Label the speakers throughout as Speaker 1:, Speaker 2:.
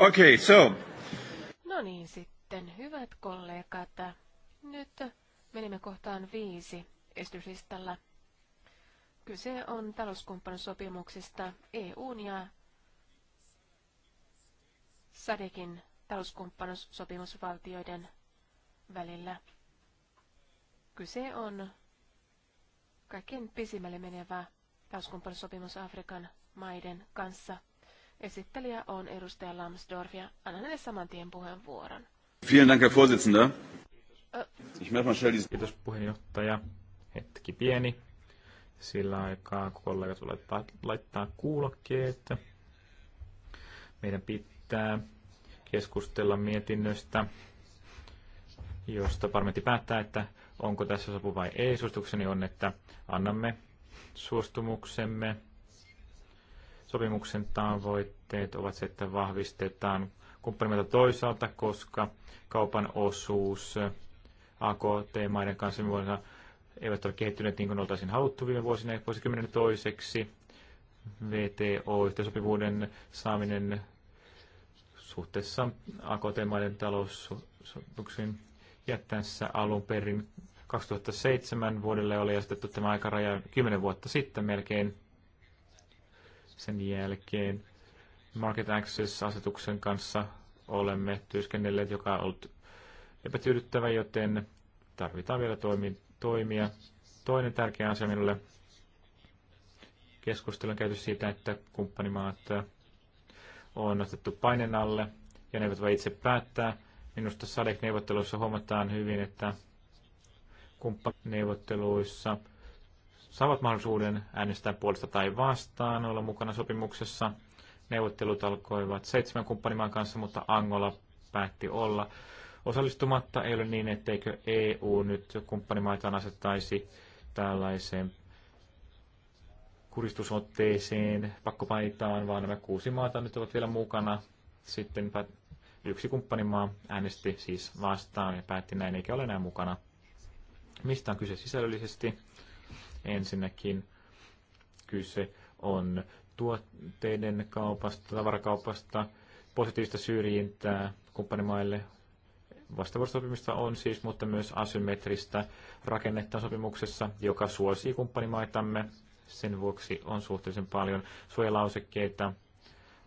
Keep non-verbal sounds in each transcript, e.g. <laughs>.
Speaker 1: Okay, so.
Speaker 2: No niin sitten, hyvät kollegat. Nyt menimme kohtaan viisi esityslistalla. Kyse on talouskumppanuussopimuksista EUn ja SADEKin talouskumppanuussopimusvaltioiden välillä. Kyse on kaikkein pisimmälle menevä talouskumppanuussopimus Afrikan maiden kanssa – Esittelijä on edustaja Lambsdorff ja annan hänelle saman tien puheenvuoron.
Speaker 3: Vielen Dank, Herr Vorsitzender. Kiitos puheenjohtaja. Hetki pieni. Sillä aikaa kollegat laittaa, laittaa kuulokkeet. Meidän pitää keskustella mietinnöstä, josta parlamentti päättää, että onko tässä sopu vai ei. Suostukseni on, että annamme suostumuksemme sopimuksen tavoitteen tavoitteet ovat se, että vahvistetaan kumppanimaita toisaalta, koska kaupan osuus AKT-maiden kanssa vuonna eivät ole kehittyneet niin kuin oltaisiin haluttu viime vuosina ja vuosikymmenen toiseksi. VTO-yhteensopivuuden saaminen suhteessa AKT-maiden taloussopimuksiin. jättäessä alun perin 2007 vuodelle oli asetettu tämä aikaraja 10 vuotta sitten melkein sen jälkeen Market Access-asetuksen kanssa olemme työskennelleet, joka on ollut epätyydyttävä, joten tarvitaan vielä toimia. Toinen tärkeä asia minulle keskustelun käyty siitä, että kumppanimaat on otettu painen alle ja ne eivät voi itse päättää. Minusta SADEC-neuvotteluissa huomataan hyvin, että kumppaneuvotteluissa saavat mahdollisuuden äänestää puolesta tai vastaan, olla mukana sopimuksessa. Neuvottelut alkoivat seitsemän kumppanimaan kanssa, mutta Angola päätti olla osallistumatta. Ei ole niin, etteikö EU nyt kumppanimaitaan asettaisi tällaiseen kuristusotteeseen, pakkopaitaan, vaan nämä kuusi maata nyt ovat vielä mukana. Sitten yksi kumppanimaa äänesti siis vastaan ja päätti näin, eikä ole enää mukana. Mistä on kyse sisällöllisesti? Ensinnäkin kyse on tuotteiden kaupasta, tavarakaupasta, positiivista syrjintää kumppanimaille. Vastavuorosopimista on siis, mutta myös asymmetristä rakennetta sopimuksessa, joka suosii kumppanimaitamme. Sen vuoksi on suhteellisen paljon suojalausekkeita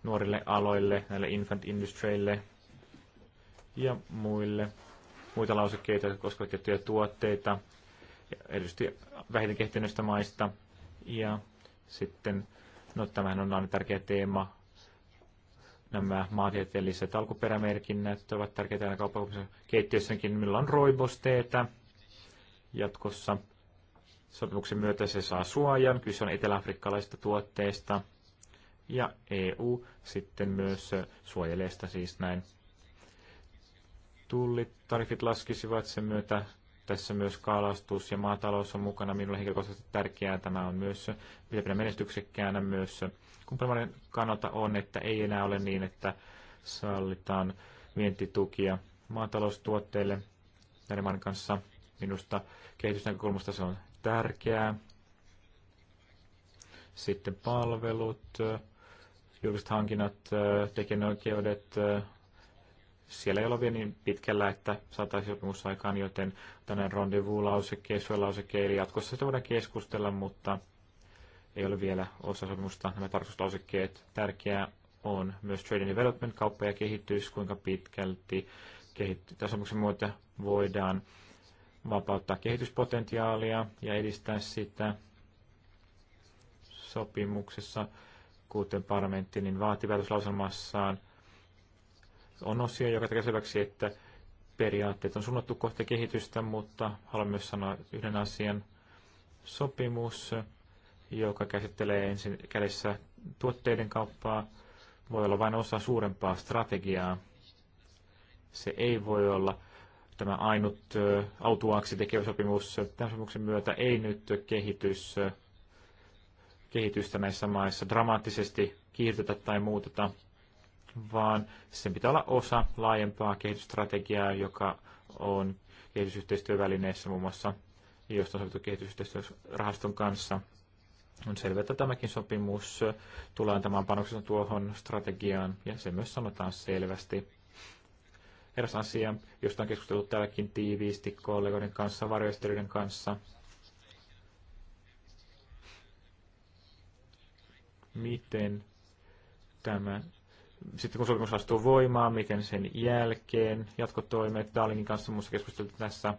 Speaker 3: nuorille aloille, näille infant industryille ja muille. Muita lausekkeita, jotka koskevat tiettyjä tuotteita, erityisesti vähiten kehittyneistä maista. Ja sitten No tämähän on aina tärkeä teema. Nämä maantieteelliset alkuperämerkinnät ovat tärkeitä aina kaupallisessa keittiössäkin, Meillä on roibosteetä jatkossa. Sopimuksen myötä se saa suojan. Kyse on eteläafrikkalaisista tuotteista. Ja EU sitten myös suojelee sitä siis näin. Tullit, tarifit laskisivat sen myötä tässä myös kalastus ja maatalous on mukana. Minulle henkilökohtaisesti tärkeää tämä on myös pitää menestyksekkäänä myös. Kumppanimaiden kannalta on, että ei enää ole niin, että sallitaan vientitukia maataloustuotteille näiden maiden kanssa. Minusta kehitysnäkökulmasta se on tärkeää. Sitten palvelut, julkiset hankinnat, tekijänoikeudet, siellä ei ole vielä niin pitkällä, että saataisiin sopimusaikaan, joten tänään rendezvous-lauseke, suojalauseke, eli jatkossa sitä voidaan keskustella, mutta ei ole vielä osa sopimusta nämä tarkoituslausekkeet. Tärkeää on myös trade and development, kauppa ja kehitys, kuinka pitkälti kehittyy. sopimuksen myötä voidaan vapauttaa kehityspotentiaalia ja edistää sitä sopimuksessa, kuten parlamentti niin vaati päätöslauselmassaan – on osia, joka tekee selväksi, että periaatteet on suunnattu kohti kehitystä, mutta haluan myös sanoa yhden asian. Sopimus, joka käsittelee ensin kädessä tuotteiden kauppaa, voi olla vain osa suurempaa strategiaa. Se ei voi olla tämä ainut autuaaksi tekevä sopimus. Tämän sopimuksen myötä ei nyt kehitys, kehitystä näissä maissa dramaattisesti kiihdytetä tai muuteta vaan sen pitää olla osa laajempaa kehitysstrategiaa, joka on kehitysyhteistyövälineessä muun muassa, josta on sovittu kehitysyhteistyörahaston kanssa. On selvää, että tämäkin sopimus tulee antamaan panoksensa tuohon strategiaan, ja se myös sanotaan selvästi. Eräs asia, josta on keskustellut täälläkin tiiviisti kollegoiden kanssa, varjoistelijoiden kanssa, miten tämä sitten kun sopimus astuu voimaan, miten sen jälkeen jatkotoimet. Darlingin kanssa muussa keskusteltiin tässä.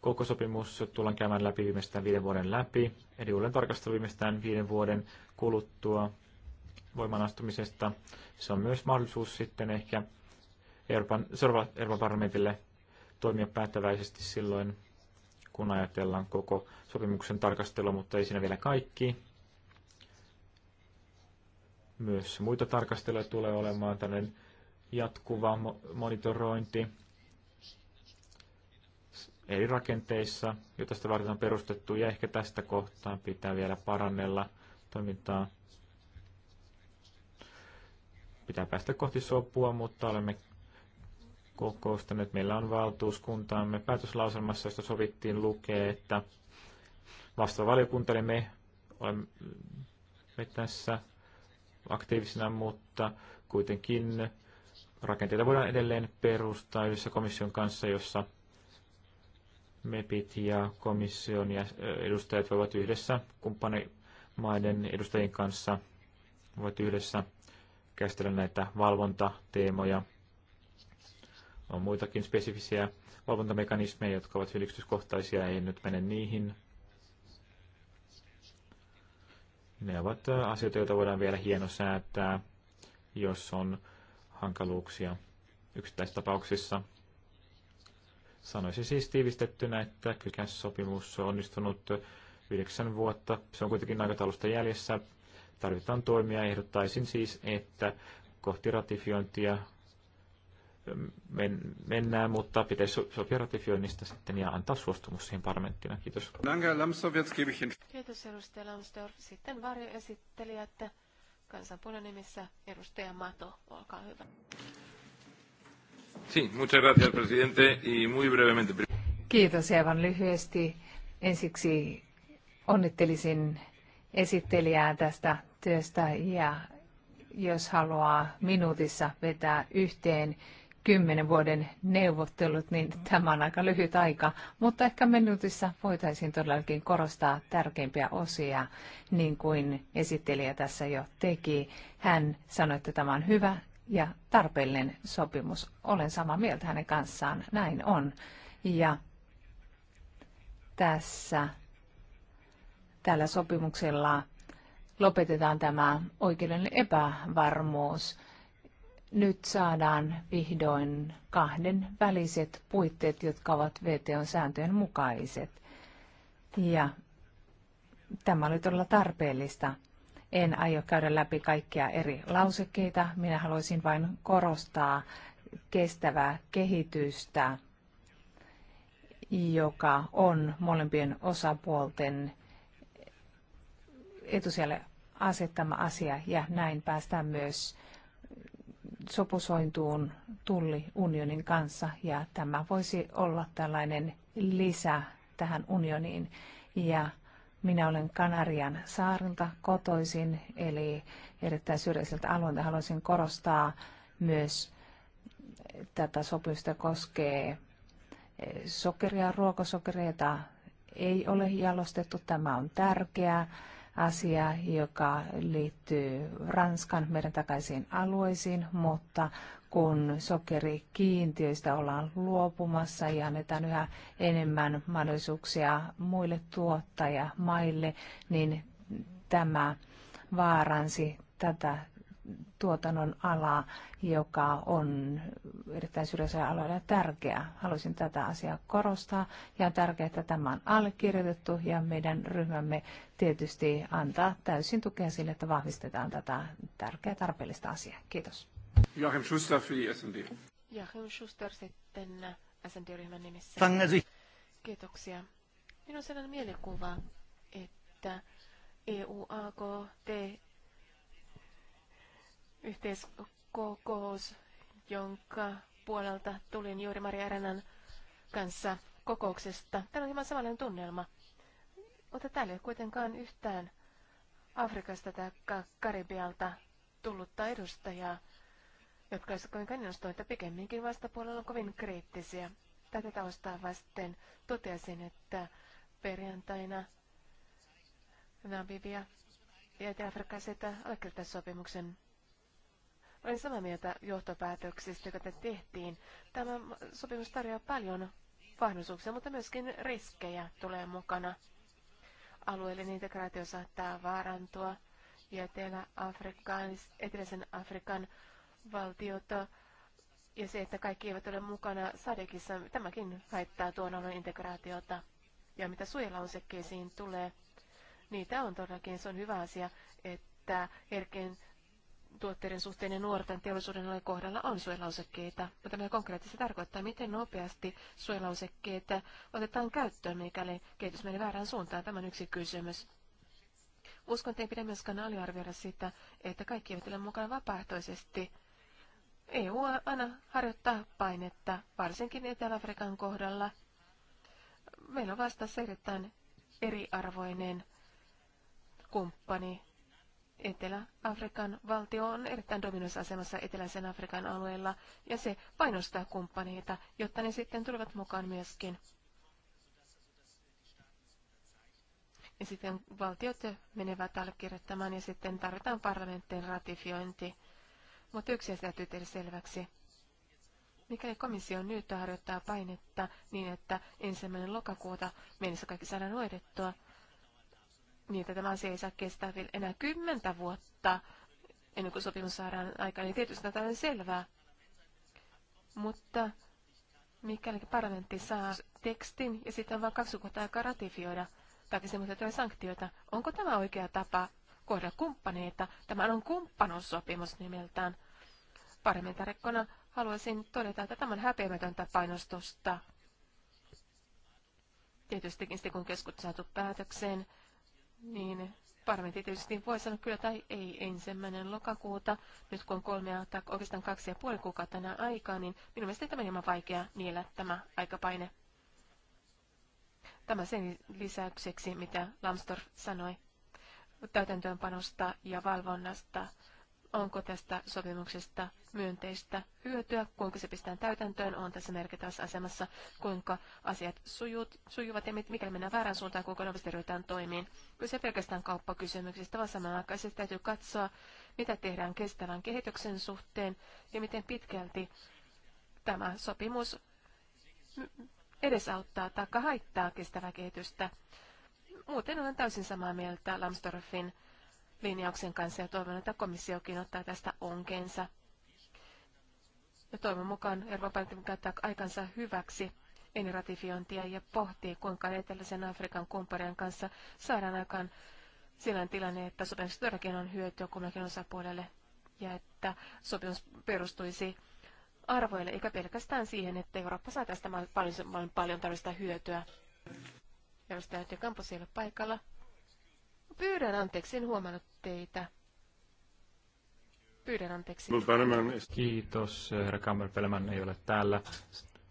Speaker 3: Koko sopimus tullaan käymään läpi viimeistään viiden vuoden läpi, eli uuden tarkastelu viimeistään viiden vuoden kuluttua voimaan astumisesta. Se on myös mahdollisuus sitten ehkä Euroopan, Euroopan parlamentille toimia päättäväisesti silloin, kun ajatellaan koko sopimuksen tarkastelua, mutta ei siinä vielä kaikki myös muita tarkasteluja tulee olemaan tämmöinen jatkuva monitorointi eri rakenteissa, joita sitä varten on perustettu, ja ehkä tästä kohtaa pitää vielä parannella toimintaa. Pitää päästä kohti sopua, mutta olemme kokoustaneet. Meillä on valtuuskuntaamme päätöslauselmassa, josta sovittiin lukee, että vastavaliokunta, eli me olemme tässä aktiivisena, mutta kuitenkin rakenteita voidaan edelleen perustaa yhdessä komission kanssa, jossa MEPit ja komission edustajat voivat yhdessä kumppanimaiden edustajien kanssa voivat yhdessä käsitellä näitä valvontateemoja. On muitakin spesifisiä valvontamekanismeja, jotka ovat yksityiskohtaisia, ei nyt mene niihin. Ne ovat asioita, joita voidaan vielä hienosäätää, jos on hankaluuksia yksittäistapauksissa. Sanoisin siis tiivistettynä, että Kykäs sopimus on onnistunut yhdeksän vuotta. Se on kuitenkin aikataulusta jäljessä. Tarvitaan toimia. Ehdottaisin siis, että kohti ratifiointia men, mennään, mutta pitäisi sopia ratifioinnista sitten ja antaa suostumus siihen parlamenttina. Kiitos.
Speaker 2: Kiitos edustaja Lamsdorf. Sitten varjoesittelijä, että kansanpuolen nimissä edustaja Mato, olkaa hyvä.
Speaker 3: Sí, muchas gracias, presidente, y muy brevemente.
Speaker 1: Kiitos aivan lyhyesti. Ensiksi onnittelisin esittelijää tästä työstä ja jos haluaa minuutissa vetää yhteen kymmenen vuoden neuvottelut, niin tämä on aika lyhyt aika, mutta ehkä minuutissa voitaisiin todellakin korostaa tärkeimpiä osia, niin kuin esittelijä tässä jo teki. Hän sanoi, että tämä on hyvä ja tarpeellinen sopimus. Olen samaa mieltä hänen kanssaan, näin on. Ja tässä tällä sopimuksella lopetetaan tämä oikeudellinen epävarmuus nyt saadaan vihdoin kahden väliset puitteet, jotka ovat VTOn sääntöjen mukaiset. Ja tämä oli todella tarpeellista. En aio käydä läpi kaikkia eri lausekkeita. Minä haluaisin vain korostaa kestävää kehitystä, joka on molempien osapuolten etusijalle asettama asia ja näin päästään myös sopusointuun tulliunionin kanssa ja tämä voisi olla tällainen lisä tähän unioniin. Ja minä olen Kanarian saarilta kotoisin, eli erittäin syrjäiseltä alueelta haluaisin korostaa myös tätä sopimusta koskee eh, sokeria, ruokasokereita ei ole jalostettu. Tämä on tärkeää asia, joka liittyy Ranskan meidän takaisiin alueisiin, mutta kun sokerikiintiöistä ollaan luopumassa ja annetaan yhä enemmän mahdollisuuksia muille tuottajamaille, niin tämä vaaransi tätä tuotannon ala, joka on erittäin syrjäisellä aloilla tärkeä. Haluaisin tätä asiaa korostaa ja on tärkeää, että tämä on allekirjoitettu ja meidän ryhmämme tietysti antaa täysin tukea sille, että vahvistetaan tätä tärkeää tarpeellista asiaa. Kiitos. Joachim Schuster für SND.
Speaker 2: Joachim Schuster sitten SND-ryhmän nimissä. Tangasi. Kiitoksia. Minun on sellainen mielikuva, että EU, yhteiskokous, jonka puolelta tulin juuri Maria Eränan kanssa kokouksesta. Täällä on hieman samanlainen tunnelma, mutta täällä ei ole kuitenkaan yhtään Afrikasta tai Karibialta tullutta edustajaa, jotka olisivat kannustuneet, että pikemminkin vastapuolella on kovin kriittisiä. Tätä taustaa vasten totesin, että perjantaina Namibia ja Etelä-Afrikka allekirjoittaa sopimuksen olen samaa mieltä johtopäätöksistä, joita tehtiin. Tämä sopimus tarjoaa paljon mahdollisuuksia, mutta myöskin riskejä tulee mukana. Alueellinen integraatio saattaa vaarantua ja Etelä-Afrikan, Eteläisen Afrikan valtiota ja se, että kaikki eivät ole mukana Sadekissa, tämäkin haittaa tuon alueen integraatiota. Ja mitä suojelausekkeisiin tulee, niitä on todellakin, se on hyvä asia, että herkien tuotteiden suhteen ja nuorten teollisuuden alojen kohdalla on suojelausekkeita. Mutta mitä konkreettisesti tarkoittaa, miten nopeasti suojelausekkeita otetaan käyttöön, mikäli kehitys menee väärään suuntaan? Tämä on yksi kysymys. Uskon, että ei pidä myöskään aliarvioida sitä, että kaikki eivät ole mukana vapaaehtoisesti. EU aina harjoittaa painetta, varsinkin Etelä-Afrikan kohdalla. Meillä on vastassa erittäin eriarvoinen kumppani Etelä-Afrikan valtio on erittäin dominoissa asemassa Eteläisen Afrikan alueella ja se painostaa kumppaneita, jotta ne sitten tulevat mukaan myöskin. Ja sitten valtiot menevät allekirjoittamaan ja sitten tarvitaan parlamentin ratifiointi. Mutta yksi asia täytyy tehdä selväksi. Mikäli komissio nyt harjoittaa painetta niin, että ensimmäinen lokakuuta mennessä kaikki saadaan hoidettua, niin että tämä asia ei saa kestää vielä enää kymmentä vuotta ennen kuin sopimus saadaan aikaan, niin tietysti tämä on selvää. Mutta mikäli parlamentti saa tekstin ja sitten on vain kaksi kuukautta aikaa ratifioida tai semmoisia tulee sanktioita, onko tämä oikea tapa kohdella kumppaneita? Tämä on kumppanussopimus nimeltään. Parlamentaarikkona haluaisin todeta, että tämä on häpeämätöntä painostusta. Tietystikin sitten kun keskut saatu päätökseen, niin parlamentti tietysti voi sanoa kyllä tai ei ensimmäinen lokakuuta, nyt kun on kolmea tai oikeastaan kaksi ja puoli kuukautta tänä aikaa, niin minun mielestäni tämä on hieman vaikea niellä tämä aikapaine. Tämä sen lisäykseksi, mitä Lamstorf sanoi täytäntöönpanosta ja valvonnasta onko tästä sopimuksesta myönteistä hyötyä, kuinka se pistetään täytäntöön, on tässä merkittävässä asemassa, kuinka asiat sujut, sujuvat ja mikäli mennään väärään suuntaan, kuinka nopeasti ryhdytään toimiin. Kyse pelkästään kauppakysymyksistä, vaan samanaikaisesti täytyy katsoa, mitä tehdään kestävän kehityksen suhteen ja miten pitkälti tämä sopimus edesauttaa tai haittaa kestävää kehitystä. Muuten olen täysin samaa mieltä Lamstorffin linjauksen kanssa ja toivon, että komissiokin ottaa tästä onkensa. Ja toivon mukaan Euroopan parlamentti käyttää aikansa hyväksi ennen ratifiointia ja pohtii, kuinka eteläisen Afrikan kumppanien kanssa saadaan aikaan sellainen tilanne, että sopimus todellakin on hyötyä kummallakin osapuolelle ja että sopimus perustuisi arvoille, eikä pelkästään siihen, että Eurooppa saa tästä paljon, paljon, paljon tarvista hyötyä. Edustaja Tykampo siellä paikalla. Pyydän anteeksi, en huomannut teitä. Pyydän anteeksi.
Speaker 3: Kiitos, herra Kammerpelman ei ole täällä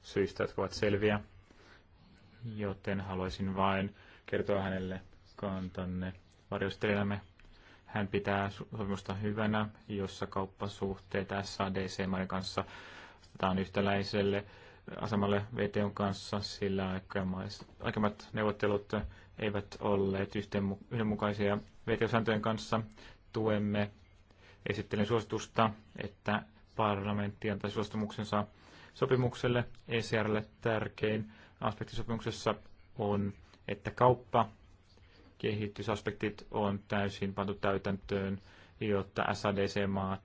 Speaker 3: syistä, jotka ovat selviä. Joten haluaisin vain kertoa hänelle kantanne varjostelijamme. Hän pitää sopimusta hyvänä, jossa kauppasuhteet SADC-maiden kanssa otetaan yhtäläiselle asemalle VTOn kanssa, sillä aikamat neuvottelut eivät olleet yhdenmukaisia VTO-sääntöjen kanssa. Tuemme esittelen suositusta, että parlamentti antaa suostumuksensa sopimukselle. ECRlle tärkein aspekti sopimuksessa on, että kauppa kehitysaspektit on täysin pantu täytäntöön, jotta SADC-maat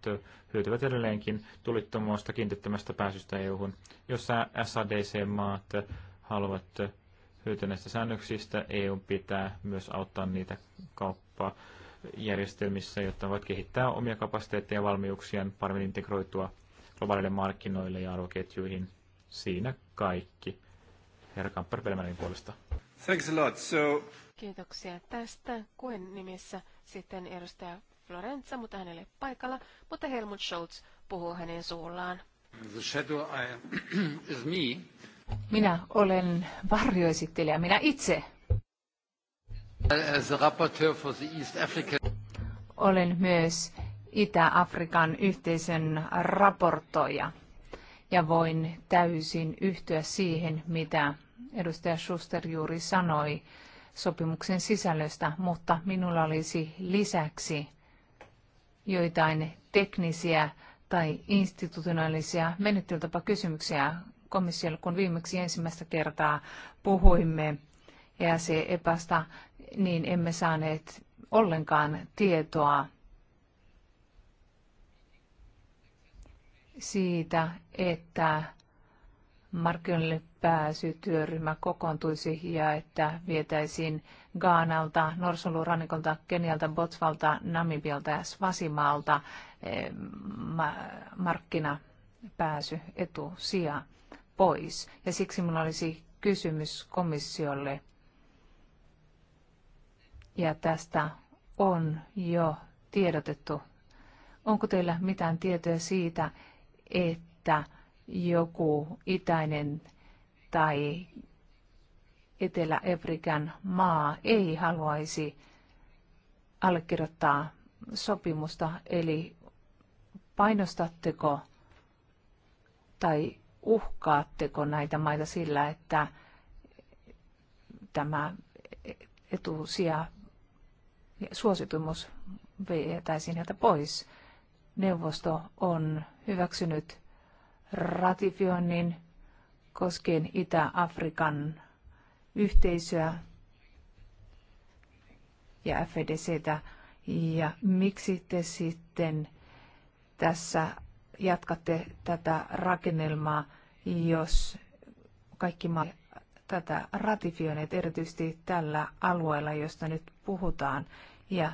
Speaker 3: hyötyvät edelleenkin tulittomuosta kiinteettömästä pääsystä EU-hun, jossa SADC-maat haluavat Hyötyneistä säännöksistä. EU pitää myös auttaa niitä kauppajärjestelmissä, jotta voit kehittää omia kapasiteetteja ja valmiuksiaan paremmin integroitua globaaleille markkinoille ja arvoketjuihin. Siinä kaikki. Herra Kamper Pelmänin puolesta. Thanks a lot. So...
Speaker 2: Kiitoksia tästä. Kuen nimissä sitten edustaja Florenza, mutta hänelle paikalla, mutta Helmut Scholz puhuu hänen suullaan.
Speaker 1: The shadow I... <clears throat> is me. Minä olen varjoesittelijä, minä itse. Olen myös Itä-Afrikan yhteisön raportoija ja voin täysin yhtyä siihen, mitä edustaja Schuster juuri sanoi sopimuksen sisällöstä, mutta minulla olisi lisäksi joitain teknisiä tai institutionaalisia menettelytapakysymyksiä komissiolle, kun viimeksi ensimmäistä kertaa puhuimme EAC-epästä, e e niin emme saaneet ollenkaan tietoa siitä, että markkinoille pääsytyöryhmä kokoontuisi ja että vietäisiin Gaanalta, Norsunluurannikolta, Kenialta, Botsvalta, Namibialta ja Svasimaalta eh, markkinapääsy etusija pois. Ja siksi minulla olisi kysymys komissiolle. Ja tästä on jo tiedotettu. Onko teillä mitään tietoa siitä, että joku itäinen tai Etelä-Afrikan maa ei haluaisi allekirjoittaa sopimusta, eli painostatteko tai uhkaatteko näitä maita sillä, että tämä etusija suositumus vietäisiin heiltä pois. Neuvosto on hyväksynyt ratifioinnin koskien Itä-Afrikan yhteisöä ja FEDCtä. Ja miksi te sitten tässä jatkatte tätä rakennelmaa, jos kaikki maat tätä ratifioineet, erityisesti tällä alueella, josta nyt puhutaan. Ja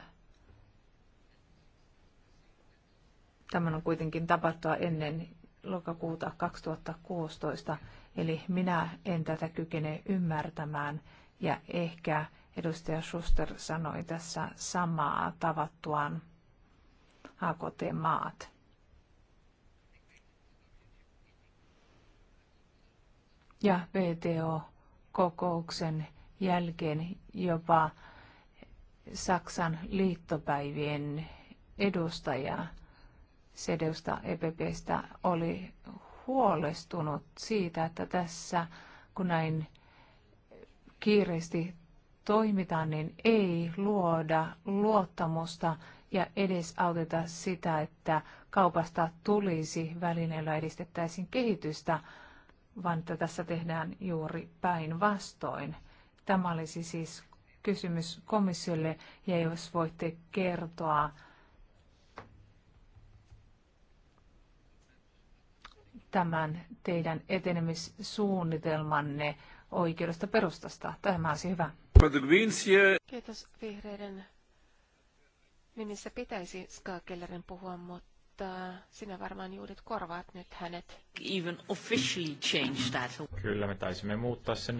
Speaker 1: tämän on kuitenkin tapahtua ennen lokakuuta 2016, eli minä en tätä kykene ymmärtämään ja ehkä edustaja Schuster sanoi tässä samaa tavattuaan AKT-maat. ja VTO-kokouksen jälkeen jopa Saksan liittopäivien edustaja Sedeusta EPPstä oli huolestunut siitä, että tässä kun näin kiireesti toimitaan, niin ei luoda luottamusta ja edes auteta sitä, että kaupasta tulisi välineellä edistettäisiin kehitystä, vaan että tässä tehdään juuri päinvastoin. Tämä olisi siis kysymys komissiolle, ja jos voitte kertoa tämän teidän etenemissuunnitelmanne oikeudesta perustasta. Tämä olisi hyvä.
Speaker 2: Kiitos vihreiden nimissä pitäisi Skakellerin puhua, mutta mutta sinä varmaan juudet korvaat nyt hänet. Even officially changed that.
Speaker 3: Kyllä, me taisimme muuttaa sen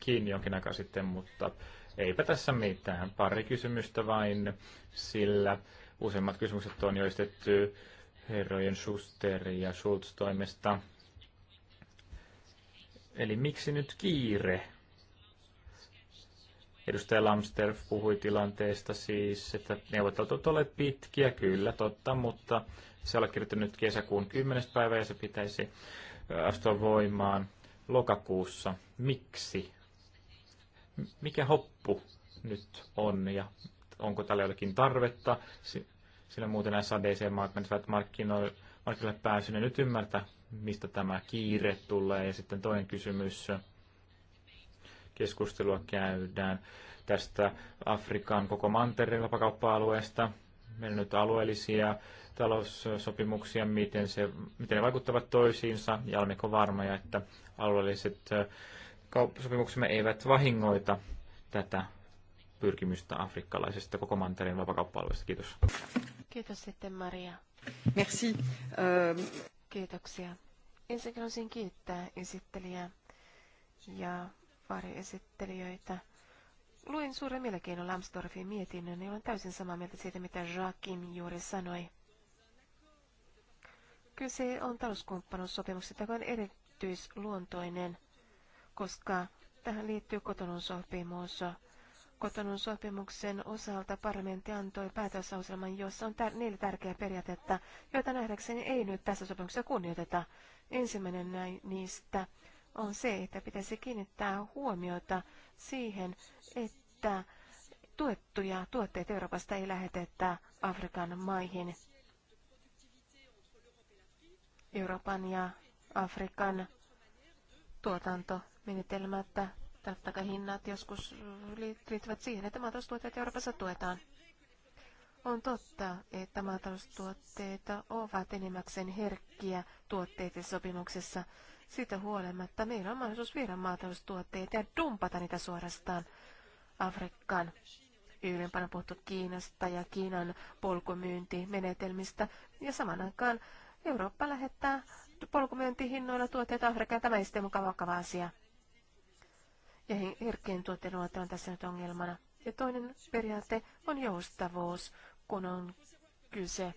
Speaker 3: kiinni jonkin aikaa sitten, mutta eipä tässä mitään. Pari kysymystä vain, sillä useimmat kysymykset on jo estetty herrojen Schuster ja Schultz toimesta. Eli miksi nyt kiire? Edustaja Lamster puhui tilanteesta siis, että neuvottelut ovat olleet pitkiä, kyllä totta, mutta se allekirjoitettu nyt kesäkuun 10. päivä ja se pitäisi astua voimaan lokakuussa. Miksi? Mikä hoppu nyt on ja onko tällä jotakin tarvetta? Sillä muuten SADC-maat menisivät markkinoille pääsyn ja nyt ymmärtää, mistä tämä kiire tulee. Ja sitten toinen kysymys, keskustelua käydään tästä Afrikan koko mantereen vapakauppa-alueesta. Meillä on nyt alueellisia taloussopimuksia, miten, se, miten ne vaikuttavat toisiinsa, ja olemmeko varmoja, että alueelliset äh, kauppasopimuksemme eivät vahingoita tätä pyrkimystä afrikkalaisesta koko mantereen vapakauppa-alueesta. Kiitos.
Speaker 2: Kiitos sitten Maria. Merci. Kiitoksia. Ensinnäkin haluaisin kiittää esittelijää ja varjoesittelijöitä. Luin suuren mielenkiinnon Lambsdorffin mietinnön niin olen täysin samaa mieltä siitä, mitä Joakim juuri sanoi. Kyse on talouskumppanuussopimuksesta, joka on erityisluontoinen, koska tähän liittyy kotonun sopimus. Kotonun sopimuksen osalta parlamentti antoi päätösauselman, jossa on tär- neljä tärkeää periaatetta, joita nähdäkseni ei nyt tässä sopimuksessa kunnioiteta. Ensimmäinen niistä on se, että pitäisi kiinnittää huomiota siihen, että tuettuja tuotteita Euroopasta ei lähetetä Afrikan maihin. Euroopan ja Afrikan tuotantomenetelmät tai hinnat joskus liittyvät siihen, että maataloustuotteita Euroopassa tuetaan. On totta, että maataloustuotteita ovat enimmäkseen herkkiä tuotteita sopimuksessa. Siitä huolimatta meillä on mahdollisuus viedä maataloustuotteita ja dumpata niitä suorastaan Afrikkaan. Ylempänä on puhuttu Kiinasta ja Kiinan polkumyyntimenetelmistä ja saman aikaan Eurooppa lähettää polkumyyntihinnoilla tuotteita Afrikkaan. Tämä ei sitten mukaan vakava asia. Ja herkkien luonto on tässä nyt ongelmana. Ja toinen periaate on joustavuus, kun on kyse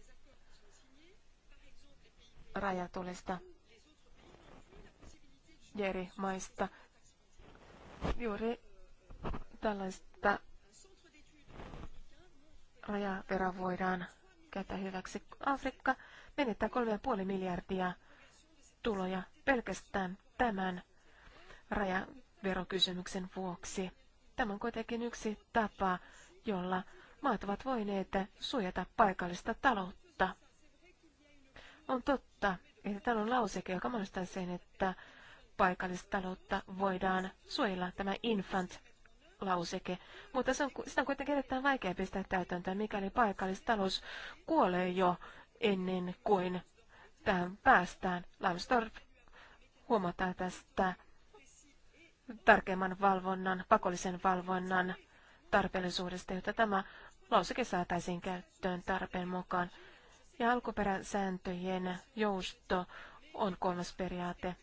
Speaker 2: rajatulista eri maista. Juuri tällaista rajaveroa voidaan käyttää hyväksi. Afrikka menettää 3,5 miljardia tuloja pelkästään tämän rajaverokysymyksen vuoksi. Tämä on kuitenkin yksi tapa, jolla maat ovat voineet suojata paikallista taloutta. On totta, että täällä on lauseke, joka mahdollistaa sen, että paikallistaloutta voidaan suojella, tämä infant lauseke, mutta se on, sitä on kuitenkin erittäin vaikea pistää täytäntöön, mikäli paikallistalous kuolee jo ennen kuin tähän päästään. Lambsdorff huomataan tästä tarkemman valvonnan, pakollisen valvonnan tarpeellisuudesta, jotta tämä lauseke saataisiin käyttöön tarpeen mukaan. Ja alkuperäsääntöjen jousto on kolmas periaate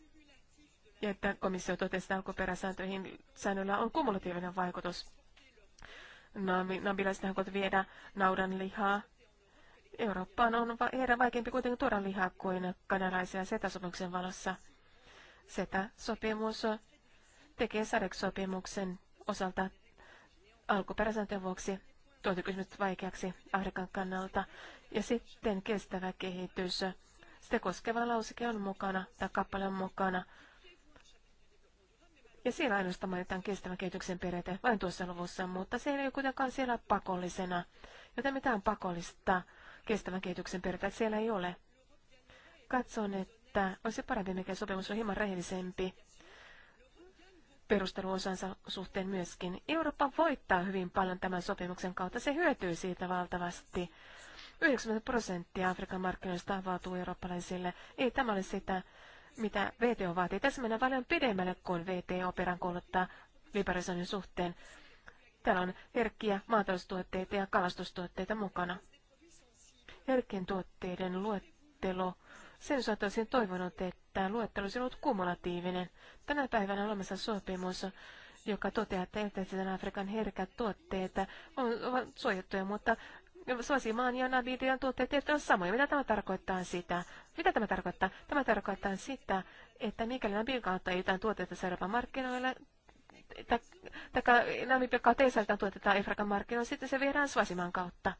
Speaker 2: ja että komissio totesi, että alkuperäsääntöihin säännöllä on kumulatiivinen vaikutus. Nambilaisethan haluavat viedä naudan lihaa. Eurooppaan on heidän vaikeampi kuitenkin tuoda lihaa kuin kanalaisia setasopimuksen valossa. Setasopimus sopimus tekee SADEC-sopimuksen osalta alkuperäsääntöjen vuoksi tuontikysymys vaikeaksi Afrikan kannalta. Ja sitten kestävä kehitys. Sitä koskeva lauseke on mukana tai kappale on mukana ja siellä ainoastaan mainitaan kestävän kehityksen periaate vain tuossa luvussa, mutta se ei ole kuitenkaan siellä pakollisena, joten mitään pakollista kestävän kehityksen periaate siellä ei ole. Katson, että olisi parempi, mikä sopimus on hieman rehellisempi perusteluosansa suhteen myöskin. Eurooppa voittaa hyvin paljon tämän sopimuksen kautta. Se hyötyy siitä valtavasti. 90 prosenttia Afrikan markkinoista avautuu eurooppalaisille. Ei tämä ole sitä, mitä VTO vaatii. Tässä mennään paljon pidemmälle kuin VTO kouluttaa liberalisoinnin suhteen. Täällä on herkkiä maataloustuotteita ja kalastustuotteita mukana. Herkkien tuotteiden luettelo. Sen suhteen olisin toivonut, että luettelo olisi ollut kumulatiivinen. Tänä päivänä olemassa sopimus, joka toteaa, että Etelä-Afrikan herkät tuotteet ovat suojattuja, mutta suosimaan ja Navideon tuotteet että on samoja. Mitä tämä tarkoittaa sitä? Mitä tämä tarkoittaa? Tämä tarkoittaa sitä, että mikäli Namibian kautta ei jotain tuotteita saada markkinoille, tai Namibian kautta ei saada tuotteita Afrikan markkinoille, sitten se viedään Suosimaan kautta.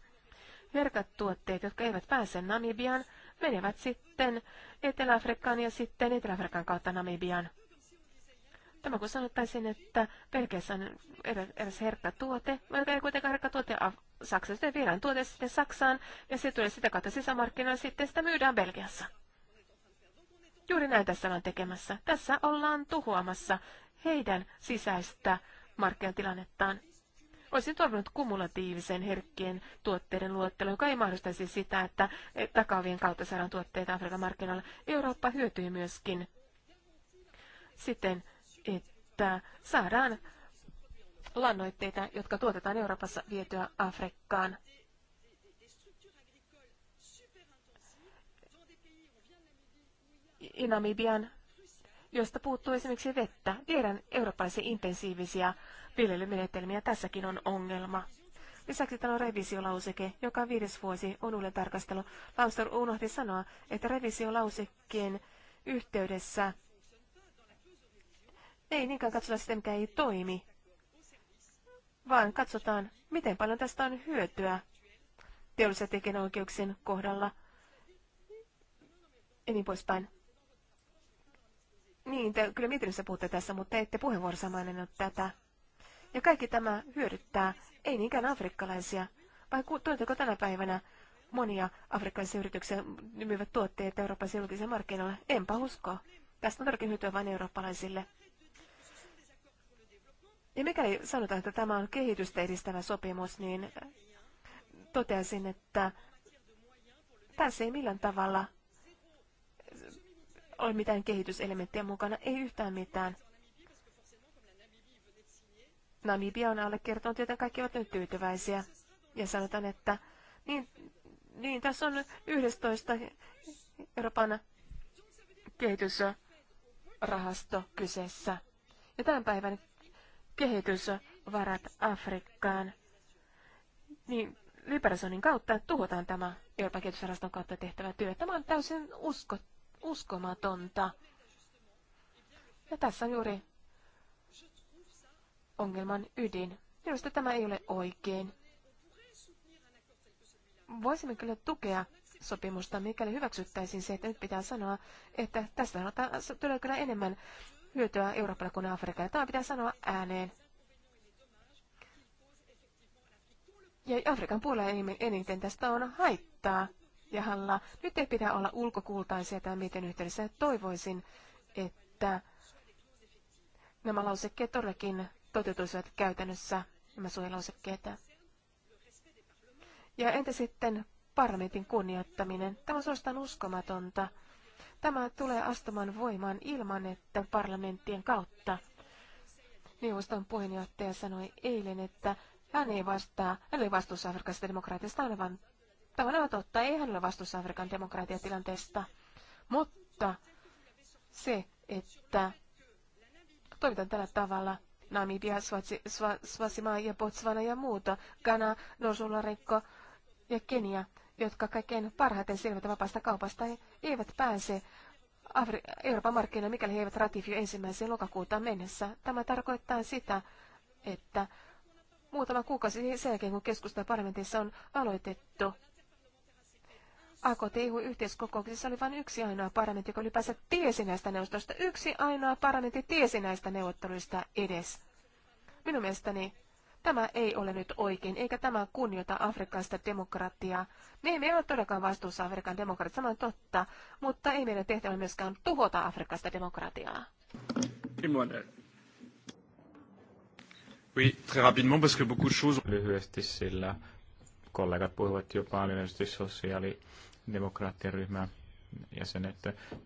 Speaker 2: Herkät tuotteet, jotka eivät pääse Namibian, menevät sitten Etelä-Afrikkaan ja sitten Etelä-Afrikan kautta Namibian mä kun sanottaisin, että Belgiassa on eräs herkkä tuote, mutta ei kuitenkaan herkkä tuote Saksasta, sitten viedään tuote sitten Saksaan ja se tulee sitä kautta sisämarkkinoille, sitten sitä myydään Belgiassa. Juuri näin tässä ollaan tekemässä. Tässä ollaan tuhoamassa heidän sisäistä markkinatilannettaan. Olisin toivonut kumulatiivisen herkkien tuotteiden luottelu, joka ei mahdollistaisi sitä, että takavien kautta saadaan tuotteita Afrikan markkinoilla. Eurooppa hyötyy myöskin. Sitten että saadaan lannoitteita, jotka tuotetaan Euroopassa vietyä Afrikkaan. Namibian, josta puuttuu esimerkiksi vettä. Tiedän eurooppalaisia intensiivisiä viljelymenetelmiä. Tässäkin on ongelma. Lisäksi täällä on revisiolauseke, joka viides vuosi on uuden tarkastelu. Lauster unohti sanoa, että revisiolausekkeen yhteydessä ei niinkään katsota sitä, mikä ei toimi, vaan katsotaan, miten paljon tästä on hyötyä teollisen tekijänoikeuksien kohdalla ja niin poispäin. Niin, te kyllä mietinnössä puhutte tässä, mutta ette puheenvuorossa maininnut tätä. Ja kaikki tämä hyödyttää ei niinkään afrikkalaisia, vai tuotteko tänä päivänä monia afrikkalaisia yrityksiä myyvät tuotteet Euroopan julkisen markkinoille? Enpä usko. Tästä on todellakin hyötyä vain eurooppalaisille. Ja mikäli sanotaan, että tämä on kehitystä edistävä sopimus, niin toteaisin, että tässä ei millään tavalla ole mitään kehityselementtiä mukana, ei yhtään mitään. Namibia on allekirjoittanut, joten kaikki ovat nyt tyytyväisiä. Ja sanotaan, että niin, niin tässä on 11 Euroopan kehitysrahasto kyseessä. Ja tämän päivän kehitysvarat Afrikkaan, niin Libersonin kautta tuhotaan tämä Euroopan kehitysrahaston kautta tehtävä työ. Tämä on täysin usko, uskomatonta. Ja tässä on juuri ongelman ydin. Minusta tämä ei ole oikein. Voisimme kyllä tukea sopimusta, mikäli hyväksyttäisiin se, että nyt pitää sanoa, että tästä tulee kyllä enemmän hyötyä Euroopalle kuin Afrikalle. Tämä pitää sanoa ääneen. Ja Afrikan puolella eniten tästä on haittaa ja halla, Nyt ei pidä olla ulkokultaisia tämän miten yhteydessä. Toivoisin, että nämä lausekkeet todellakin toteutuisivat käytännössä, nämä suojelausekkeet. Ja entä sitten parlamentin kunnioittaminen? Tämä on suorastaan uskomatonta. Tämä tulee astumaan voimaan ilman, että parlamenttien kautta neuvoston puheenjohtaja sanoi eilen, että hän ei vastaa, hän oli vastuussa Afrikasta demokratiasta olevan. Tämä on totta, ei hän ole vastuussa Afrikan demokratiatilanteesta. Mutta se, että toimitaan tällä tavalla, Namibia, Swatsi, Swa, ja Botswana ja muuta, Ghana, Norsularikko ja Kenia, jotka kaikkein parhaiten selvitä vapaasta kaupasta, eivät pääse Afri- Euroopan markkinoille, mikäli he eivät ratifioi ensimmäiseen lokakuuta mennessä. Tämä tarkoittaa sitä, että muutama kuukausi sen jälkeen, kun keskustelu parlamentissa on aloitettu, AKT-yhteiskokouksessa oli vain yksi ainoa parlamentti, joka ylipäänsä tiesi näistä neuvotteluista. Yksi ainoa parlamentti tiesi näistä neuvotteluista edes. Minun mielestäni Tämä ei ole nyt oikein, eikä tämä kunnioita afrikkalaista demokratiaa. Me emme ole todellakaan vastuussa Afrikan demokratiaa, sanon totta, mutta ei meidän tehtävä myöskään tuhota afrikkalaista demokratiaa.
Speaker 3: Lyhyesti sillä kollegat puhuvat jo paljon sosiaalidemokraattien ryhmää jäsenet,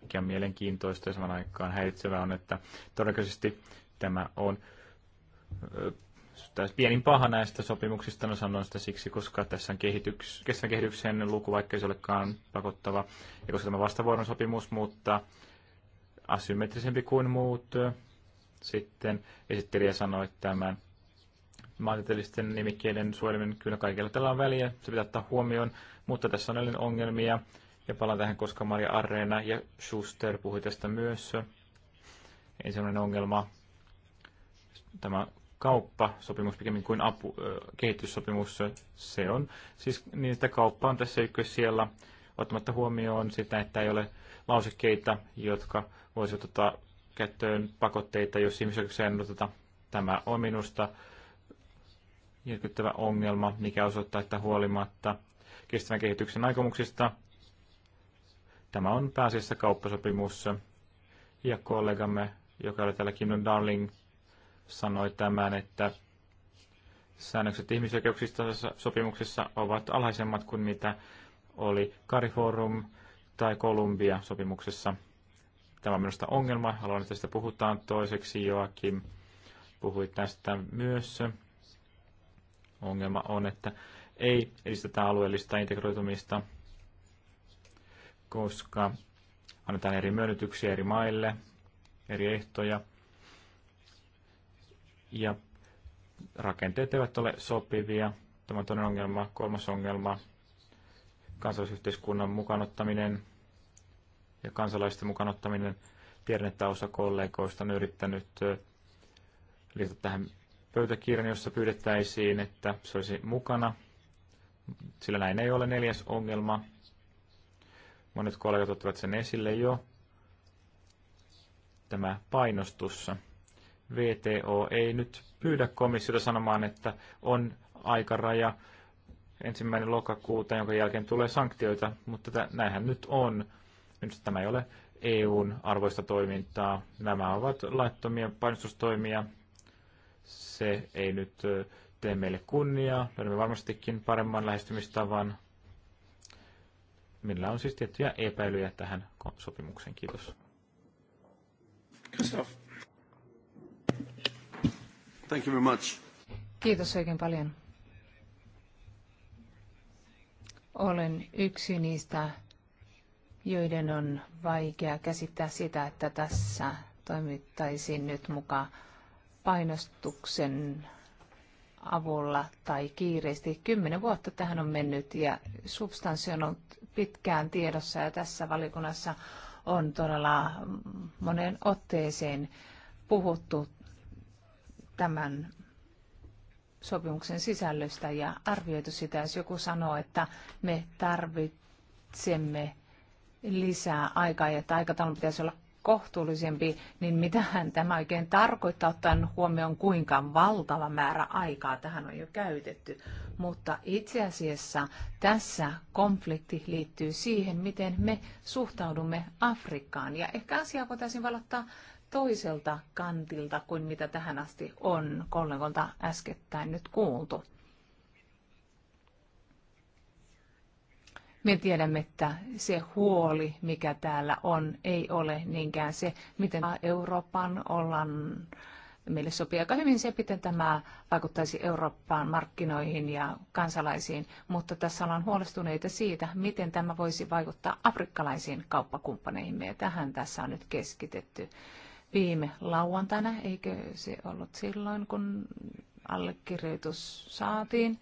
Speaker 3: mikä on mielenkiintoista ja saman aikaan häiritsevää on, että todennäköisesti tämä on pienin paha näistä sopimuksista, no sanon sitä siksi, koska tässä on kehityks, kestävän kehityksen luku, vaikka ei se olekaan pakottava, ja koska tämä vastavuoron sopimus, mutta asymmetrisempi kuin muut. Sitten esittelijä sanoi tämän maantieteellisten nimikkeiden suojeleminen, kyllä kaikilla tällä on väliä, se pitää ottaa huomioon, mutta tässä on edelleen ongelmia, ja palaan tähän, koska Maria Arena ja Schuster puhui tästä myös. Ensimmäinen ongelma, tämä kauppasopimus pikemmin kuin apu, kehityssopimus. Se on siis niin, että kauppa on tässä ykkösiellä ottamatta huomioon sitä, että ei ole lausekkeita, jotka voisivat ottaa käyttöön pakotteita, jos ihmisoikeuksien ei noudateta. Tämä on minusta järkyttävä ongelma, mikä osoittaa, että huolimatta kestävän kehityksen aikomuksista tämä on pääasiassa kauppasopimus. Ja kollegamme, joka oli täällä Kim Darling, sanoi tämän, että säännökset ihmisoikeuksista sopimuksessa ovat alhaisemmat kuin mitä oli Cariforum tai Columbia sopimuksessa. Tämä on minusta ongelma. Haluan, että tästä puhutaan toiseksi. Joakim puhui tästä myös. Ongelma on, että ei edistetä alueellista integroitumista, koska annetaan eri myönnytyksiä eri maille, eri ehtoja – ja rakenteet eivät ole sopivia. Tämä on toinen ongelma. Kolmas ongelma, kansalaisyhteiskunnan mukanottaminen ja kansalaisten mukanottaminen. Tiedän, että osa kollegoista on yrittänyt lisätä tähän pöytäkirjan, jossa pyydettäisiin, että se olisi mukana. Sillä näin ei ole neljäs ongelma. Monet kollegat ottivat sen esille jo. Tämä painostussa. VTO ei nyt pyydä komissiota sanomaan, että on aikaraja ensimmäinen lokakuuta, jonka jälkeen tulee sanktioita, mutta näinhän nyt on. Nyt tämä ei ole EUn arvoista toimintaa. Nämä ovat laittomia painostustoimia. Se ei nyt tee meille kunniaa. Löydämme varmastikin paremman lähestymistavan, millä on siis tiettyjä epäilyjä tähän sopimukseen. Kiitos. Christoph. Thank you very much.
Speaker 1: Kiitos oikein paljon. Olen yksi niistä, joiden on vaikea käsittää sitä, että tässä toimittaisiin nyt mukaan painostuksen avulla tai kiireesti. Kymmenen vuotta tähän on mennyt ja substanssi on ollut pitkään tiedossa ja tässä valikunnassa on todella monen otteeseen puhuttu tämän sopimuksen sisällöstä ja arvioitu sitä, jos joku sanoo, että me tarvitsemme lisää aikaa ja että aikataulun pitäisi olla kohtuullisempi, niin mitähän tämä oikein tarkoittaa, ottaen huomioon kuinka valtava määrä aikaa tähän on jo käytetty. Mutta itse asiassa tässä konflikti liittyy siihen, miten me suhtaudumme Afrikkaan. Ja ehkä asiaa voitaisiin valottaa toiselta kantilta kuin mitä tähän asti on kollegolta äskettäin nyt kuultu. Me tiedämme, että se huoli, mikä täällä on, ei ole niinkään se, miten Euroopan ollaan meille sopii aika hyvin se, miten tämä vaikuttaisi Eurooppaan markkinoihin ja kansalaisiin, mutta tässä ollaan huolestuneita siitä, miten tämä voisi vaikuttaa afrikkalaisiin kauppakumppaneihin. Ja tähän tässä on nyt keskitetty viime lauantaina, eikö se ollut silloin, kun allekirjoitus saatiin.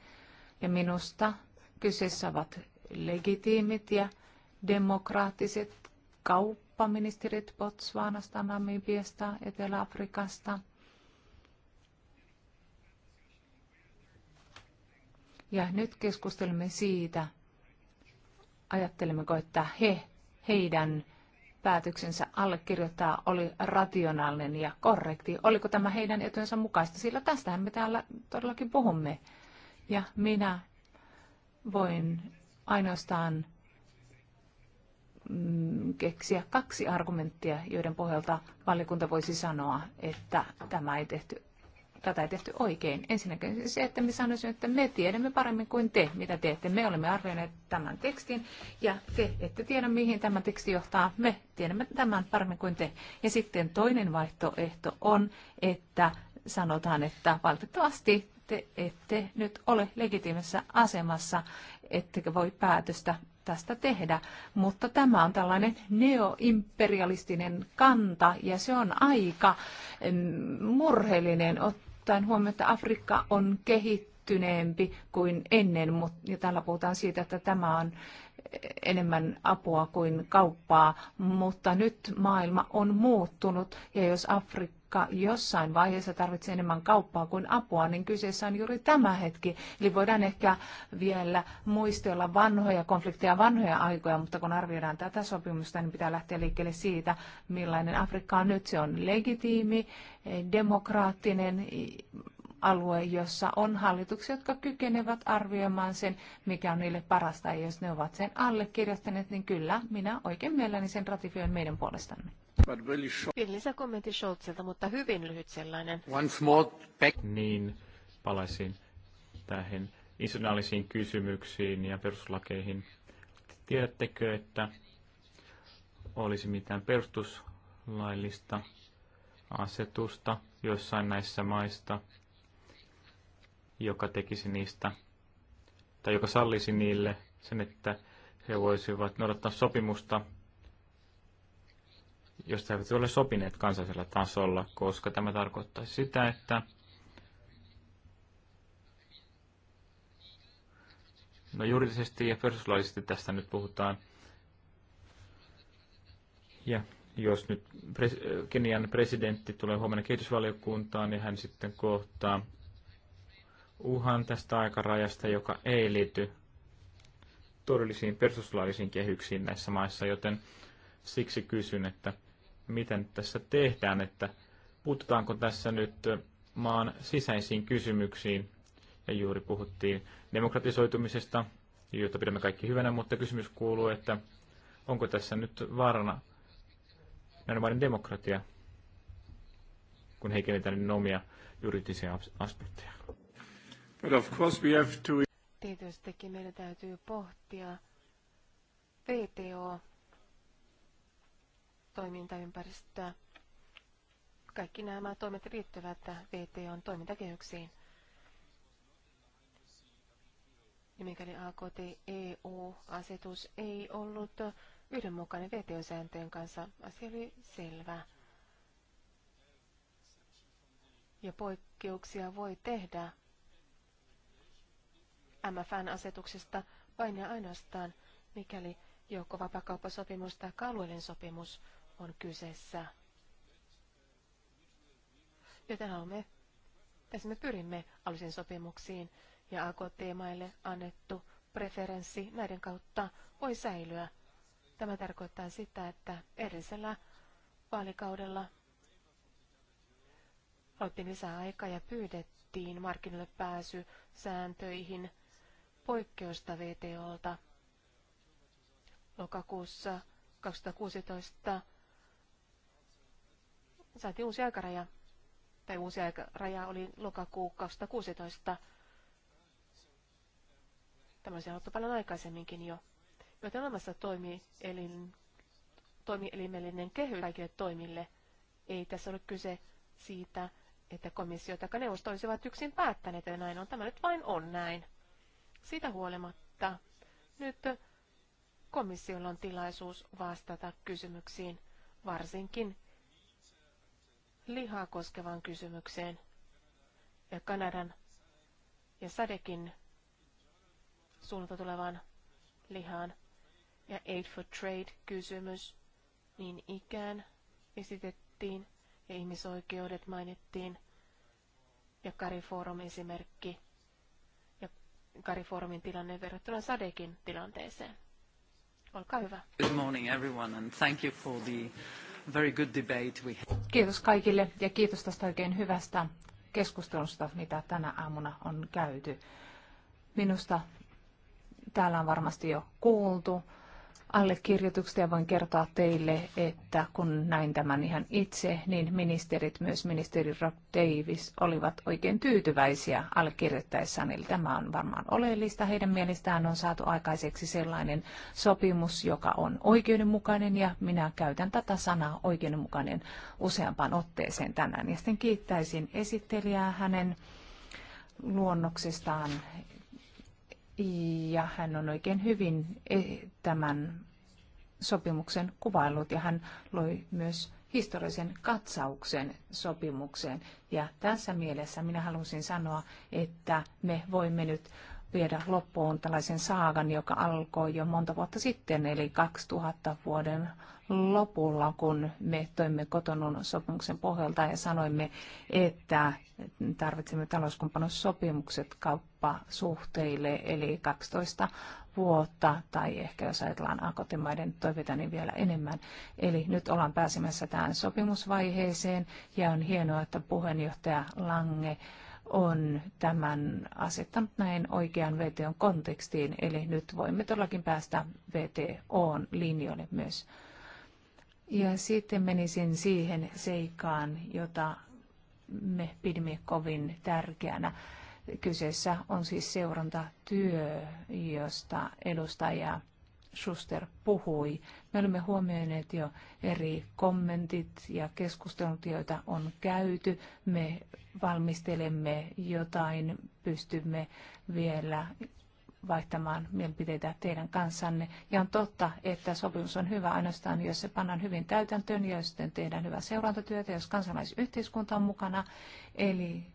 Speaker 1: Ja minusta kyseessä ovat legitiimit ja demokraattiset kauppaministerit Botswanasta, Namibiasta, Etelä-Afrikasta. Ja nyt keskustelemme siitä, ajattelemmeko, että he, heidän päätöksensä allekirjoittaa oli rationaalinen ja korrekti. Oliko tämä heidän etunsa mukaista? Sillä tästähän me täällä todellakin puhumme. Ja minä voin ainoastaan mm, keksiä kaksi argumenttia, joiden pohjalta valiokunta voisi sanoa, että tämä ei tehty tätä ei tehty oikein. Ensinnäkin siis se, että me sanoisimme, että me tiedämme paremmin kuin te, mitä teette. Me olemme arvioineet tämän tekstin ja te ette tiedä, mihin tämä teksti johtaa. Me tiedämme tämän paremmin kuin te. Ja sitten toinen vaihtoehto on, että sanotaan, että valitettavasti te ette nyt ole legitiimissä asemassa, ettekä voi päätöstä tästä tehdä, mutta tämä on tällainen neoimperialistinen kanta ja se on aika mm, murheellinen ottaen huomioon, että Afrikka on kehittyneempi kuin ennen, ja täällä puhutaan siitä, että tämä on enemmän apua kuin kauppaa, mutta nyt maailma on muuttunut, ja jos Afrikka vaikka jossain vaiheessa tarvitsee enemmän kauppaa kuin apua, niin kyseessä on juuri tämä hetki. Eli voidaan ehkä vielä muistella vanhoja konflikteja, vanhoja aikoja, mutta kun arvioidaan tätä sopimusta, niin pitää lähteä liikkeelle siitä, millainen Afrikka on nyt. Se on legitiimi, demokraattinen, alue, jossa on hallituksia, jotka kykenevät arvioimaan sen, mikä on niille parasta. Ja jos ne ovat sen allekirjoittaneet, niin kyllä, minä oikein mielelläni sen ratifioin meidän puolestamme but really Pieni lisäkommentti Scholzilta, mutta hyvin
Speaker 2: lyhyt sellainen.
Speaker 3: Once more Niin, palaisin tähän institutionaalisiin kysymyksiin ja peruslakeihin. Tiedättekö, että olisi mitään perustuslaillista asetusta joissain näissä maista, joka tekisi niistä, tai joka sallisi niille sen, että he voisivat noudattaa sopimusta jos he eivät ole sopineet kansallisella tasolla, koska tämä tarkoittaa sitä, että no juridisesti ja perustuslaillisesti tästä nyt puhutaan. Ja jos nyt pres- Kenian presidentti tulee huomenna kehitysvaliokuntaan, niin hän sitten kohtaa uhan tästä aikarajasta, joka ei liity todellisiin perustuslaillisiin kehyksiin näissä maissa, joten siksi kysyn, että miten tässä tehdään, että puututaanko tässä nyt maan sisäisiin kysymyksiin, ja juuri puhuttiin demokratisoitumisesta, jota pidämme kaikki hyvänä, mutta kysymys kuuluu, että onko tässä nyt vaarana näiden maiden demokratia, kun heikennetään niin omia juridisia aspekteja. But
Speaker 1: of course we
Speaker 3: have to...
Speaker 2: Tietystikin meidän täytyy pohtia VTO toimintaympäristöä. Kaikki nämä toimet liittyvät VTOn toimintakehyksiin. Ja mikäli AKT-EU-asetus ei ollut yhdenmukainen VTO-sääntöjen kanssa, asia oli selvä. Ja poikkeuksia voi tehdä MFN-asetuksesta vain ja ainoastaan, mikäli joukko vapakauppasopimus tai alueellinen sopimus on kyseessä. Joten haluamme, tässä me pyrimme alusin sopimuksiin ja AKT-maille annettu preferenssi näiden kautta voi säilyä. Tämä tarkoittaa sitä, että edellisellä vaalikaudella otettiin lisää aikaa ja pyydettiin markkinoille pääsy sääntöihin poikkeusta VTOlta. Lokakuussa 2016 saatiin uusi aikaraja, tai uusi aikaraja oli lokakuu 2016. Tämä olisi ollut paljon aikaisemminkin jo. Joten olemassa toimi toimielimellinen kehy kaikille toimille. Ei tässä ole kyse siitä, että komissio tai neuvosto olisivat yksin päättäneet, että näin on. Tämä nyt vain on näin. Sitä huolimatta nyt komissiolla on tilaisuus vastata kysymyksiin, varsinkin lihaa koskevaan kysymykseen ja Kanadan ja Sadekin suunnalta tulevaan lihaan ja Aid for Trade-kysymys niin ikään esitettiin ja ihmisoikeudet mainittiin ja Kariforum esimerkki ja Kariforumin tilanne verrattuna Sadekin tilanteeseen. Olkaa hyvä.
Speaker 3: Good morning everyone and thank you for the very good debate we had.
Speaker 1: Kiitos kaikille ja kiitos tästä oikein hyvästä keskustelusta, mitä tänä aamuna on käyty. Minusta täällä on varmasti jo kuultu Allekirjoituksia ja voin kertoa teille, että kun näin tämän ihan itse, niin ministerit, myös ministeri Rob Davis, olivat oikein tyytyväisiä allekirjoittaessaan. Eli tämä on varmaan oleellista. Heidän mielestään on saatu aikaiseksi sellainen sopimus, joka on oikeudenmukainen ja minä käytän tätä sanaa oikeudenmukainen useampaan otteeseen tänään. Ja sitten kiittäisin esittelijää hänen luonnoksestaan ja hän on oikein hyvin e, tämän sopimuksen kuvailut ja hän loi myös historiallisen katsauksen sopimukseen. Ja tässä mielessä minä halusin sanoa, että me voimme nyt viedä loppuun tällaisen saagan, joka alkoi jo monta vuotta sitten, eli 2000 vuoden lopulla, kun me toimme kotonun sopimuksen pohjalta ja sanoimme, että tarvitsemme talouskumppanuussopimukset kauppasuhteille, eli 12 vuotta, tai ehkä jos ajatellaan akotemaiden toiveita, niin vielä enemmän. Eli nyt ollaan pääsemässä tähän sopimusvaiheeseen, ja on hienoa, että puheenjohtaja Lange on tämän asettanut näin oikean VTOn kontekstiin, eli nyt voimme todellakin päästä VTOn linjoille myös. Ja sitten menisin siihen seikkaan, jota me pidimme kovin tärkeänä. Kyseessä on siis seurantatyö, josta edustaja Schuster puhui. Me olemme huomioineet jo eri kommentit ja keskustelut, joita on käyty. Me valmistelemme jotain, pystymme vielä vaihtamaan mielipiteitä teidän kanssanne. Ja on totta, että sopimus on hyvä ainoastaan, jos se pannaan hyvin täytäntöön ja sitten tehdään hyvää seurantatyötä, jos kansalaisyhteiskunta on mukana. Eli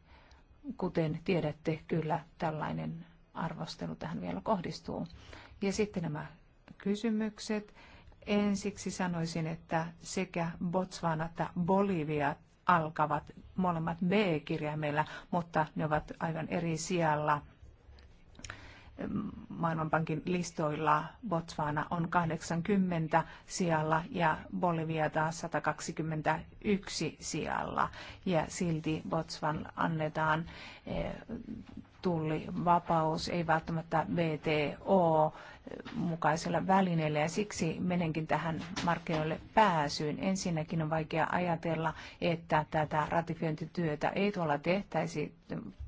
Speaker 1: kuten tiedätte, kyllä tällainen arvostelu tähän vielä kohdistuu. Ja sitten nämä kysymykset. Ensiksi sanoisin, että sekä Botswana että Bolivia alkavat molemmat B-kirjaimella, mutta ne ovat aivan eri sijalla. Maailmanpankin listoilla Botswana on 80 sijalla ja Bolivia taas 121 sijalla. Ja silti Botswan annetaan eh, tullivapaus, ei välttämättä VTO mukaisella välineellä ja siksi menenkin tähän markkinoille pääsyyn. Ensinnäkin on vaikea ajatella, että tätä ratifiointityötä ei tuolla tehtäisi.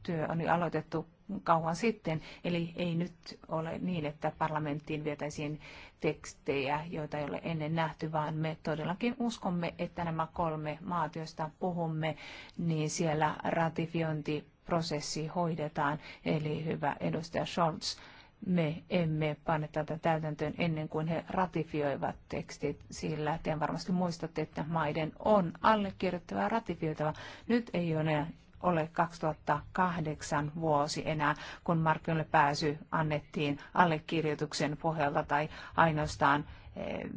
Speaker 1: Työ on jo aloitettu kauan sitten, eli ei nyt ole niin, että parlamenttiin vietäisiin tekstejä, joita ei ole ennen nähty, vaan me todellakin uskomme, että nämä kolme maat, joista puhumme, niin siellä ratifiointiprosessi hoidetaan. Eli hyvä edustaja Scholz, me emme pane tätä täytäntöön ennen kuin he ratifioivat tekstit, sillä te varmasti muistatte, että maiden on allekirjoittava ja ratifioitava. Nyt ei ole ole 2008 vuosi enää, kun markkinoille pääsy annettiin allekirjoituksen pohjalta tai ainoastaan eh,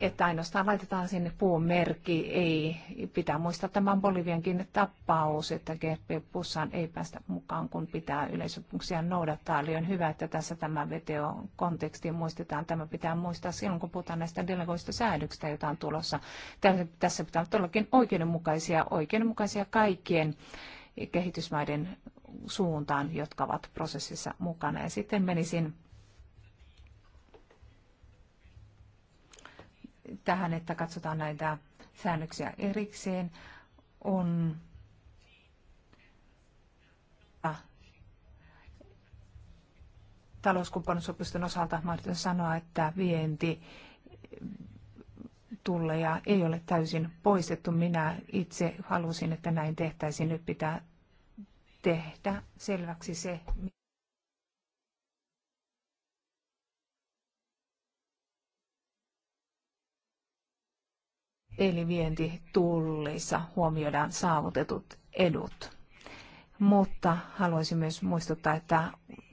Speaker 1: että ainoastaan laitetaan sinne puun merkki, ei pitää muistaa tämän Boliviankin tapaus, että GP Pussaan ei päästä mukaan, kun pitää yleisopimuksia noudattaa. Eli on hyvä, että tässä tämä video konteksti muistetaan. Tämä pitää muistaa silloin, kun puhutaan näistä delegoista säädöksistä, joita on tulossa. Tässä pitää olla todellakin oikeudenmukaisia, oikeudenmukaisia kaikkien kehitysmaiden suuntaan, jotka ovat prosessissa mukana. Ja sitten menisin tähän, että katsotaan näitä säännöksiä erikseen, on ah, talouskumppanusopiston osalta mahdoton sanoa, että vienti tulleja ei ole täysin poistettu. Minä itse halusin, että näin tehtäisiin. Nyt pitää tehdä selväksi se, eli vientitulleissa huomioidaan saavutetut edut. Mutta haluaisin myös muistuttaa, että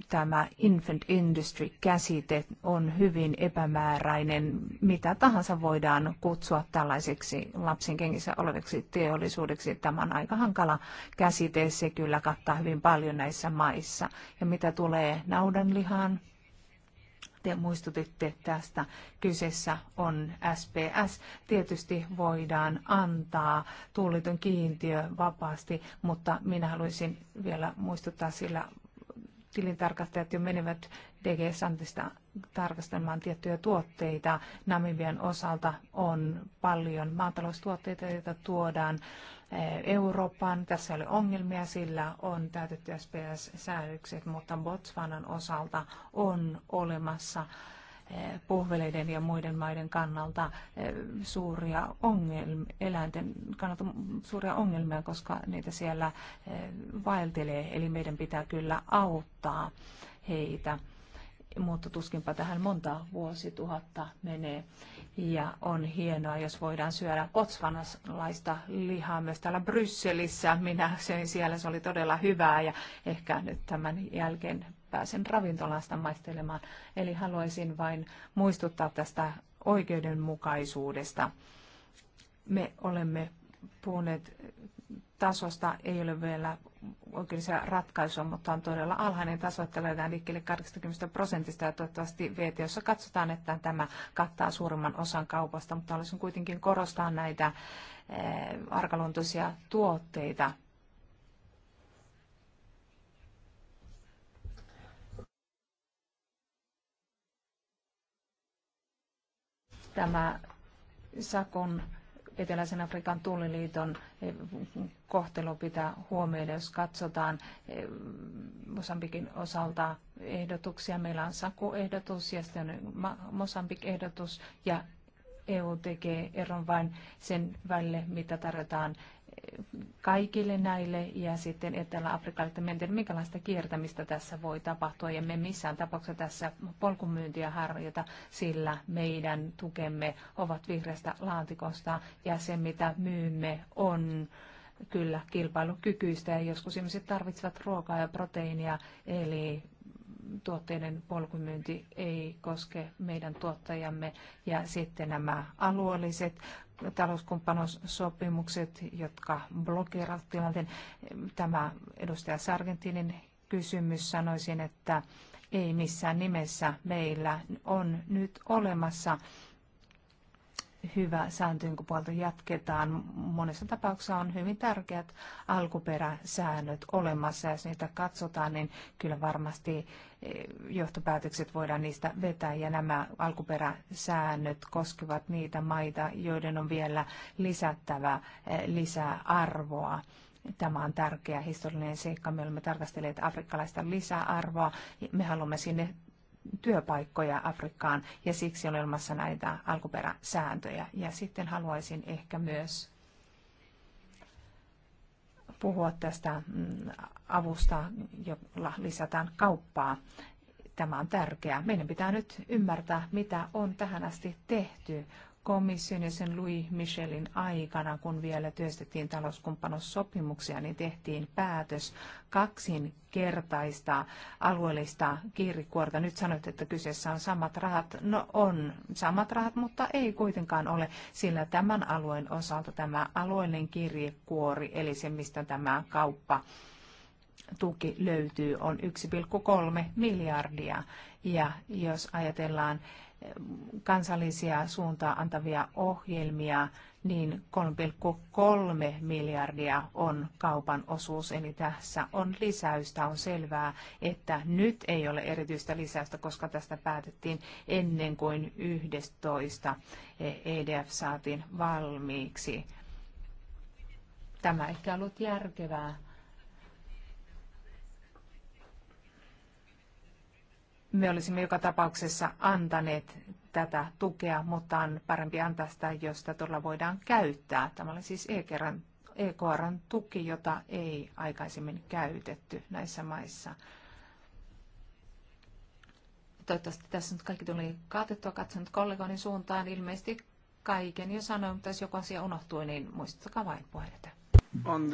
Speaker 1: tämä infant industry-käsite on hyvin epämääräinen. Mitä tahansa voidaan kutsua tällaiseksi lapsen kengissä oleviksi teollisuudeksi. Tämä on aika hankala käsite. Se kyllä kattaa hyvin paljon näissä maissa. Ja mitä tulee naudanlihaan, te muistutitte tästä. Kyseessä on SPS. Tietysti voidaan antaa tuuliton kiintiö vapaasti, mutta minä haluaisin vielä muistuttaa, sillä tilintarkastajat jo menevät DG Santista tarkastelemaan tiettyjä tuotteita. Namibian osalta on paljon maataloustuotteita, joita tuodaan eh, Eurooppaan. Tässä oli ongelmia, sillä on täytetty SPS-säädökset, mutta Botswanan osalta on olemassa Eh, puhveleiden ja muiden maiden kannalta eh, suuria ongelmia, eläinten kannalta suuria ongelmia, koska niitä siellä eh, vaeltelee. Eli meidän pitää kyllä auttaa heitä mutta tuskinpa tähän monta vuosituhatta menee. Ja on hienoa, jos voidaan syödä botsvanalaista lihaa myös täällä Brysselissä. Minä söin siellä, se oli todella hyvää ja ehkä nyt tämän jälkeen pääsen ravintolasta maistelemaan. Eli haluaisin vain muistuttaa tästä oikeudenmukaisuudesta. Me olemme puhuneet tasosta, ei ole vielä oikeudellisia ratkaisua, mutta on todella alhainen taso, että löydetään liikkeelle 80 prosentista ja toivottavasti jossa katsotaan, että tämä kattaa suurimman osan kaupasta, mutta haluaisin kuitenkin korostaa näitä eh, arkaluontoisia tuotteita, tämä Sakon Eteläisen Afrikan tulliliiton eh, kohtelu pitää huomioida, jos katsotaan eh, Mosambikin osalta ehdotuksia. Meillä on Saku-ehdotus ja sitten Mosambik-ehdotus ja EU tekee eron vain sen välille, mitä tarjotaan kaikille näille ja sitten Etelä-Afrikalle, että mietin, minkälaista kiertämistä tässä voi tapahtua ja me missään tapauksessa tässä polkumyyntiä harjoita, sillä meidän tukemme ovat vihreästä laatikosta ja se mitä myymme on kyllä kilpailukykyistä ja joskus ihmiset tarvitsevat ruokaa ja proteiinia, eli tuotteiden polkumyynti ei koske meidän tuottajamme ja sitten nämä alueelliset talouskumppanuussopimukset, jotka blokeeraavat tilanteen. Tämä edustaja Sargentinin kysymys sanoisin, että ei missään nimessä meillä on nyt olemassa hyvä sääntöjen puolta jatketaan. Monessa tapauksessa on hyvin tärkeät alkuperäsäännöt olemassa. Jos niitä katsotaan, niin kyllä varmasti eh, johtopäätökset voidaan niistä vetää. Ja nämä alkuperäsäännöt koskevat niitä maita, joiden on vielä lisättävä eh, lisää arvoa tämä on tärkeä historiallinen seikka. Me olemme tarkastelleet afrikkalaista lisäarvoa. Me haluamme sinne työpaikkoja Afrikkaan ja siksi on olemassa näitä alkuperäsääntöjä. Ja sitten haluaisin ehkä myös puhua tästä mm, avusta, jolla lisätään kauppaa. Tämä on tärkeää. Meidän pitää nyt ymmärtää, mitä on tähän asti tehty komission ja sen Louis Michelin aikana, kun vielä työstettiin talouskumppanuussopimuksia, niin tehtiin päätös kaksinkertaista alueellista kiirikuorta. Nyt sanoit, että kyseessä on samat rahat. No on samat rahat, mutta ei kuitenkaan ole, sillä tämän alueen osalta tämä alueellinen kirjekuori, eli se mistä tämä kauppa tuki löytyy, on 1,3 miljardia. Ja jos ajatellaan kansallisia suuntaa antavia ohjelmia, niin 3,3 miljardia on kaupan osuus, eli tässä on lisäystä. On selvää, että nyt ei ole erityistä lisäystä, koska tästä päätettiin ennen kuin 11 EDF saatiin valmiiksi. Tämä ehkä ollut järkevää me olisimme joka tapauksessa antaneet tätä tukea, mutta on parempi antaa sitä, jos sitä todella voidaan käyttää. Tämä oli siis EKRn, EKRn tuki, jota ei aikaisemmin käytetty näissä maissa. Toivottavasti tässä nyt kaikki tuli katettua katsonut kollegoni suuntaan. Ilmeisesti kaiken jo sanoin, mutta jos joku asia
Speaker 2: unohtui, niin muistakaa vain puheenjohtaja. On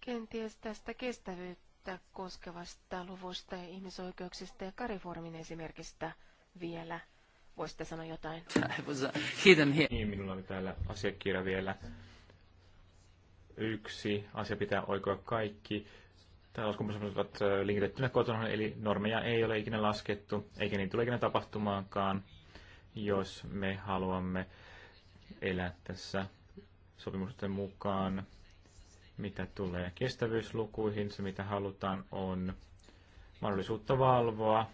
Speaker 2: Kenties tästä kestävyyttä köyhyyttä koskevasta luvusta ja ihmisoikeuksista ja Kariformin esimerkistä vielä. Voisitte sanoa jotain?
Speaker 3: <laughs> Uh, niin, minulla oli täällä asiakirja vielä. Yksi asia pitää oikoa kaikki. on ovat linkitettynä kotona, eli normeja ei ole ikinä laskettu, eikä niin tule ikinä tapahtumaankaan, jos me haluamme elää tässä sopimusten mukaan. Mitä tulee kestävyyslukuihin, se mitä halutaan on mahdollisuutta valvoa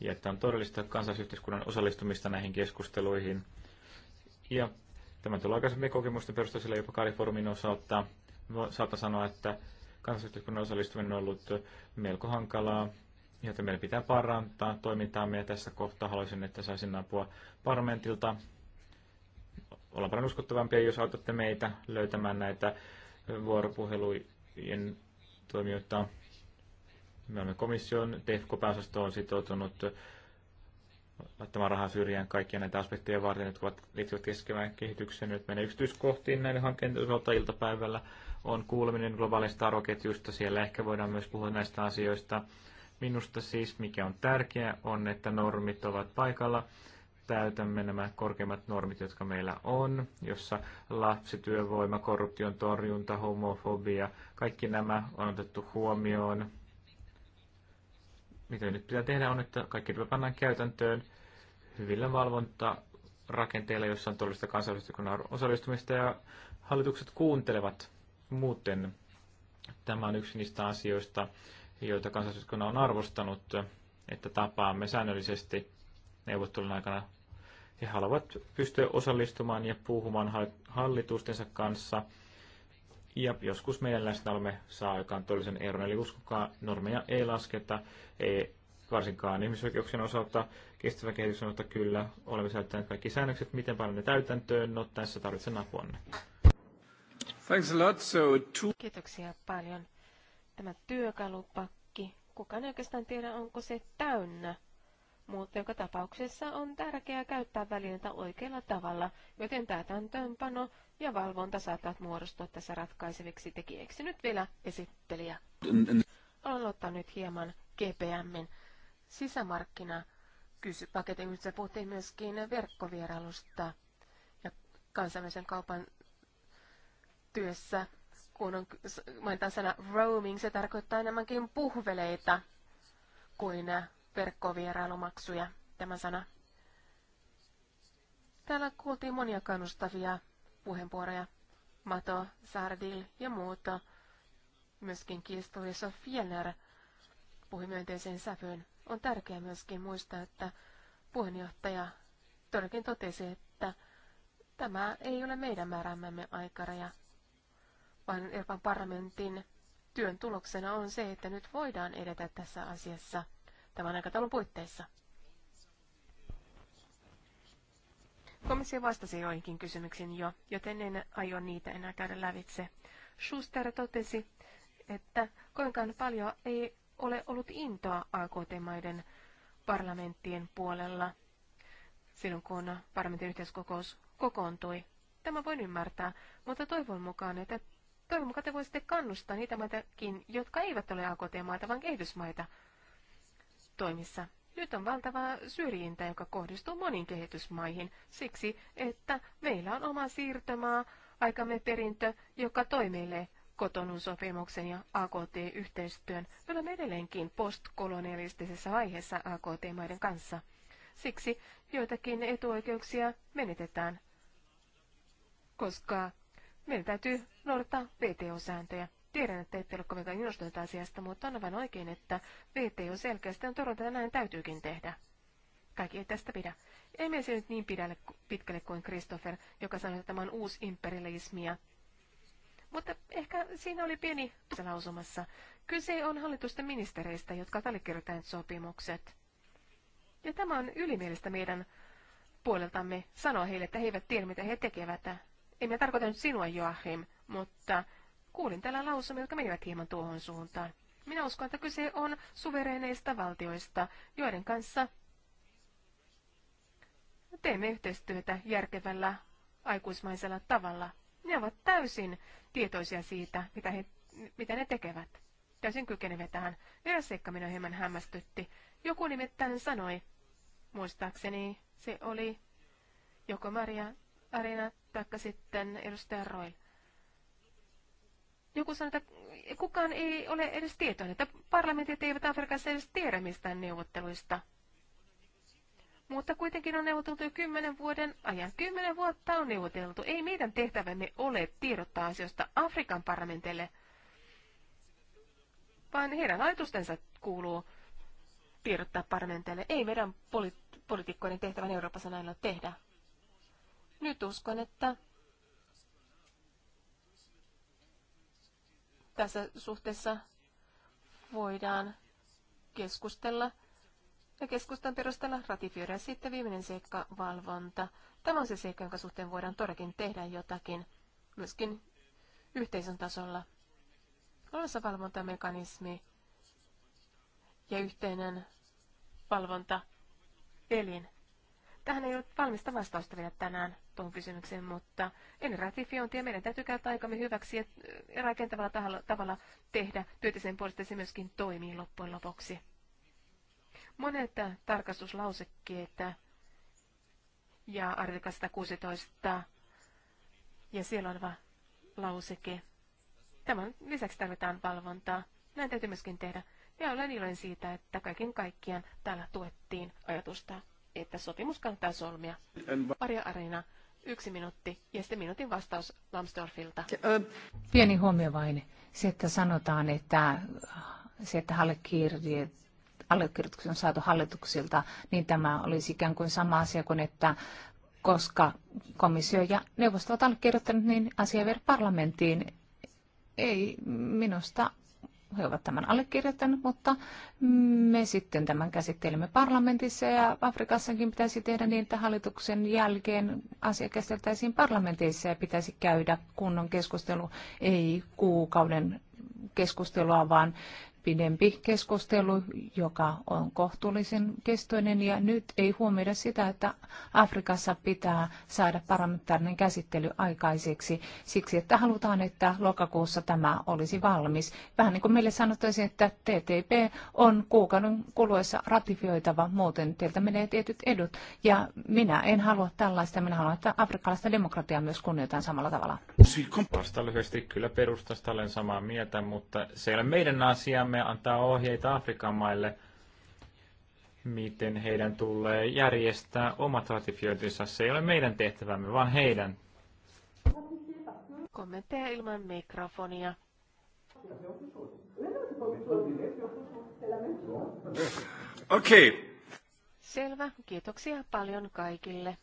Speaker 3: ja että on todellista kansallisyhteiskunnan osallistumista näihin keskusteluihin. Ja tämä tulee aikaisemmin kokemusten perusteella jopa Kaliforumin osalta. Saattaa sanoa, että kansallisyhteiskunnan osallistuminen on ollut melko hankalaa, ja että meidän pitää parantaa toimintaamme ja tässä kohtaa haluaisin, että saisin apua parlamentilta ollaan paljon uskottavampia, jos autatte meitä löytämään näitä vuoropuhelujen toimijoita. Me olemme komission, TFK-pääosasto on sitoutunut laittamaan rahaa syrjään kaikkia näitä aspekteja varten, jotka liittyvät keskevään kehitykseen. Nyt menee yksityiskohtiin näiden hankkeiden osalta iltapäivällä. On kuuleminen globaalista arvoketjusta, siellä ehkä voidaan myös puhua näistä asioista. Minusta siis, mikä on tärkeää, on, että normit ovat paikalla täytämme nämä korkeimmat normit, jotka meillä on, jossa lapsityövoima, korruption torjunta, homofobia, kaikki nämä on otettu huomioon. Mitä nyt pitää tehdä on, että kaikki tämä pannaan käytäntöön hyvillä valvontarakenteilla, jossa on todellista kansallisyhteiskunnan osallistumista ja hallitukset kuuntelevat muuten. Tämä on yksi niistä asioista, joita kansallisyhteiskunnan on arvostanut, että tapaamme säännöllisesti neuvottelun aikana he haluavat pystyä osallistumaan ja puhumaan hallitustensa kanssa. Ja joskus meidän läsnäolomme saa aikaan todellisen eron. Eli uskokaa, normeja ei lasketa, ei varsinkaan ihmisoikeuksien osalta, kestävän kehityksen osalta kyllä. Olemme säilyttäneet kaikki säännökset, miten paljon ne täytäntöön. No, tässä tarvitsen apuanne. Thanks a lot. So
Speaker 2: two... Kiitoksia paljon. Tämä työkalupakki, kukaan ei oikeastaan tiedä, onko se täynnä mutta joka tapauksessa on tärkeää käyttää välineitä oikealla tavalla, joten täytäntöönpano ja valvonta saattavat muodostua tässä ratkaiseviksi tekijäksi. Nyt vielä esittelijä. Aloittaa nyt hieman GPMin Sisämarkkina kysypaketin, missä puhuttiin myöskin verkkovierailusta ja kansainvälisen kaupan työssä kun on, mainitaan sana roaming, se tarkoittaa enemmänkin puhveleita kuin verkkovierailumaksuja, tämä sana. Täällä kuultiin monia kannustavia puheenvuoroja. Mato, Sardil ja muuta. Myöskin Kisto ja puhui myönteiseen sävyyn. On tärkeää myöskin muistaa, että puheenjohtaja todellakin totesi, että tämä ei ole meidän määräämämme aikaraja, vaan Euroopan parlamentin työn tuloksena on se, että nyt voidaan edetä tässä asiassa – tämän aikataulun puitteissa. Komissio vastasi joihinkin kysymyksiin jo, joten en aio niitä enää käydä lävitse. Schuster totesi, että kuinkaan paljon ei ole ollut intoa AKT-maiden parlamenttien puolella silloin, kun parlamentin yhteiskokous kokoontui. Tämä voin ymmärtää, mutta toivon mukaan, että toivon mukaan te voisitte kannustaa niitä maitakin, jotka eivät ole AKT-maita, vaan kehitysmaita toimissa. Nyt on valtava syrjintä, joka kohdistuu moniin kehitysmaihin, siksi että meillä on oma siirtomaa, aikamme perintö, joka toimiilee kotonun sopimuksen ja AKT-yhteistyön. Me olemme edelleenkin postkolonialistisessa vaiheessa AKT-maiden kanssa. Siksi joitakin etuoikeuksia menetetään, koska meidän täytyy noudattaa VTO-sääntöjä. Tiedän, että ette ole kovinkaan innostuneita asiasta, mutta on aivan oikein, että VTO selkeästi on todennut, että näin täytyykin tehdä. Kaikki ei tästä pidä. Ei mene se nyt niin pidälle, pitkälle kuin Christopher, joka sanoi, että tämä on uusi imperialismia. Mutta ehkä siinä oli pieni lausumassa. Kyse on hallitusten ministereistä, jotka ovat allekirjoittaneet sopimukset. Ja tämä on ylimielistä meidän puoleltamme sanoa heille, että he eivät tiedä, mitä he tekevät. Emme tarkoita nyt sinua, Joachim, mutta Kuulin täällä lausumia, jotka menivät hieman tuohon suuntaan. Minä uskon, että kyse on suvereineista valtioista, joiden kanssa teemme yhteistyötä järkevällä aikuismaisella tavalla. Ne ovat täysin tietoisia siitä, mitä, he, mitä ne tekevät. Täysin kykenevät tähän. Eräs seikka minua hieman hämmästytti. Joku nimittäin sanoi, muistaakseni se oli joko Maria Arina tai sitten edustaja Roil. Joku sanoi, että kukaan ei ole edes tietoinen, että parlamentit eivät Afrikassa edes tiedä mistään neuvotteluista. Mutta kuitenkin on neuvoteltu jo kymmenen vuoden ajan. Kymmenen vuotta on neuvoteltu. Ei meidän tehtävämme ole tiedottaa asioista Afrikan parlamentille, vaan heidän ajatustensa kuuluu tiedottaa parlamentille. Ei meidän poli- poliitikkoiden tehtävän Euroopassa näillä tehdä. Nyt uskon, että Tässä suhteessa voidaan keskustella ja keskustan perusteella ratifioidaan sitten viimeinen seikka, valvonta. Tämä on se seikka, jonka suhteen voidaan todellakin tehdä jotakin, myöskin yhteisön tasolla. Olemassa valvontamekanismi ja yhteinen valvontaelin. Tähän ei ole valmista vastausta vielä tänään tuohon kysymykseen, mutta en ratifiointia. Meidän täytyy käyttää aikamme hyväksi ja rakentavalla tahalla, tavalla tehdä työtä sen puolesta se myöskin toimii loppujen lopuksi. Monet tarkastuslausekkeet ja artikla 116 ja siellä oleva lauseke. Tämän lisäksi tarvitaan valvontaa. Näin täytyy myöskin tehdä. Ja olen iloinen siitä, että kaiken kaikkiaan täällä tuettiin ajatusta sopimus kannattaa solmia. Pari Arena, yksi minuutti ja sitten minuutin vastaus Lambsdorffilta.
Speaker 1: Pieni huomio vain. Se, että sanotaan, että se, että allekirjoitukset on saatu hallituksilta, niin tämä olisi ikään kuin sama asia kuin, että koska komissio ja neuvosto ovat allekirjoittaneet, niin asia vielä parlamenttiin. Ei minusta he ovat tämän allekirjoittaneet, mutta me sitten tämän käsittelemme parlamentissa ja Afrikassakin pitäisi tehdä niin, että hallituksen jälkeen asia käsiteltäisiin parlamentissa ja pitäisi käydä kunnon keskustelu, ei kuukauden keskustelua, vaan pidempi keskustelu, joka on kohtuullisen kestoinen ja nyt ei huomioida sitä, että Afrikassa pitää saada parlamentaarinen käsittely aikaiseksi siksi, että halutaan, että lokakuussa tämä olisi valmis. Vähän niin kuin meille sanottaisiin, että TTP on kuukauden kuluessa ratifioitava, muuten teiltä menee tietyt edut ja minä en halua tällaista, minä haluan, että afrikkalaista demokratiaa myös kunnioitetaan samalla tavalla.
Speaker 3: Vasta lyhyesti kyllä perustasta olen samaa mieltä, mutta se ei ole meidän asiamme voimme antaa ohjeita Afrikan maille, miten heidän tulee järjestää omat ratifiointinsa. Se ei ole meidän tehtävämme, vaan heidän.
Speaker 2: Kommentteja ilman mikrofonia. Okei. Okay. Selvä. Kiitoksia paljon kaikille.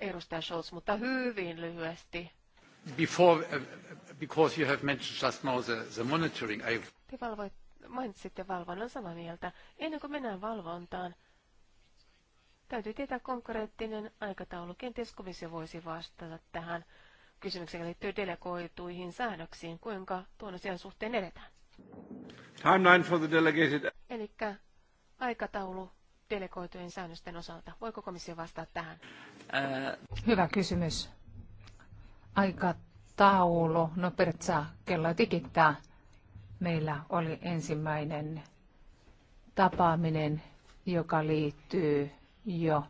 Speaker 2: Edustaja Scholz, mutta hyvin lyhyesti.
Speaker 1: Before, uh, because you have mentioned just now the, the
Speaker 2: monitoring, I... Te valvoit, mainitsitte valvonnan samaa mieltä. Ennen kuin mennään valvontaan, täytyy tietää konkreettinen aikataulu. Kenties komissio voisi vastata tähän kysymykseen liittyen delegoituihin säännöksiin, kuinka tuon asian suhteen edetään.
Speaker 1: Timeline for the delegated...
Speaker 2: Eli aikataulu delegoitujen säännösten osalta. Voiko komissio vastata tähän? Uh...
Speaker 1: Hyvä kysymys aikataulu, no periaatteessa kello tikittää. Meillä oli ensimmäinen tapaaminen, joka liittyy jo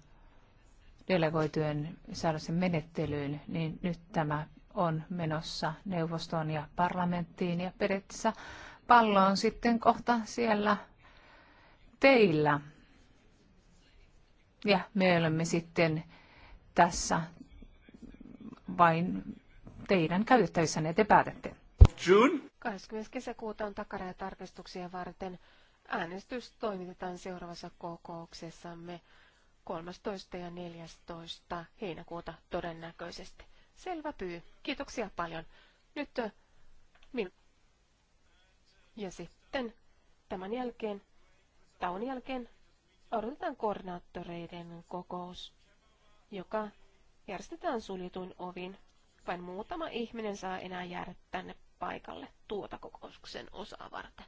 Speaker 1: delegoitujen säädösten menettelyyn, niin nyt tämä on menossa neuvostoon ja parlamenttiin ja periaatteessa pallo on sitten kohta siellä teillä. Ja me olemme sitten tässä vain teidän käyttäessänne te päätätte.
Speaker 2: June. 20. kesäkuuta on takaraja varten. Äänestys toimitetaan seuraavassa kokouksessamme 13. ja 14. heinäkuuta todennäköisesti. Selvä pyy. Kiitoksia paljon. Nyt äh, min... Ja sitten tämän jälkeen, tauon jälkeen, odotetaan koordinaattoreiden kokous, joka järjestetään suljetuin ovin vain muutama ihminen saa enää jäädä tänne paikalle tuota kokouksen osaa varten.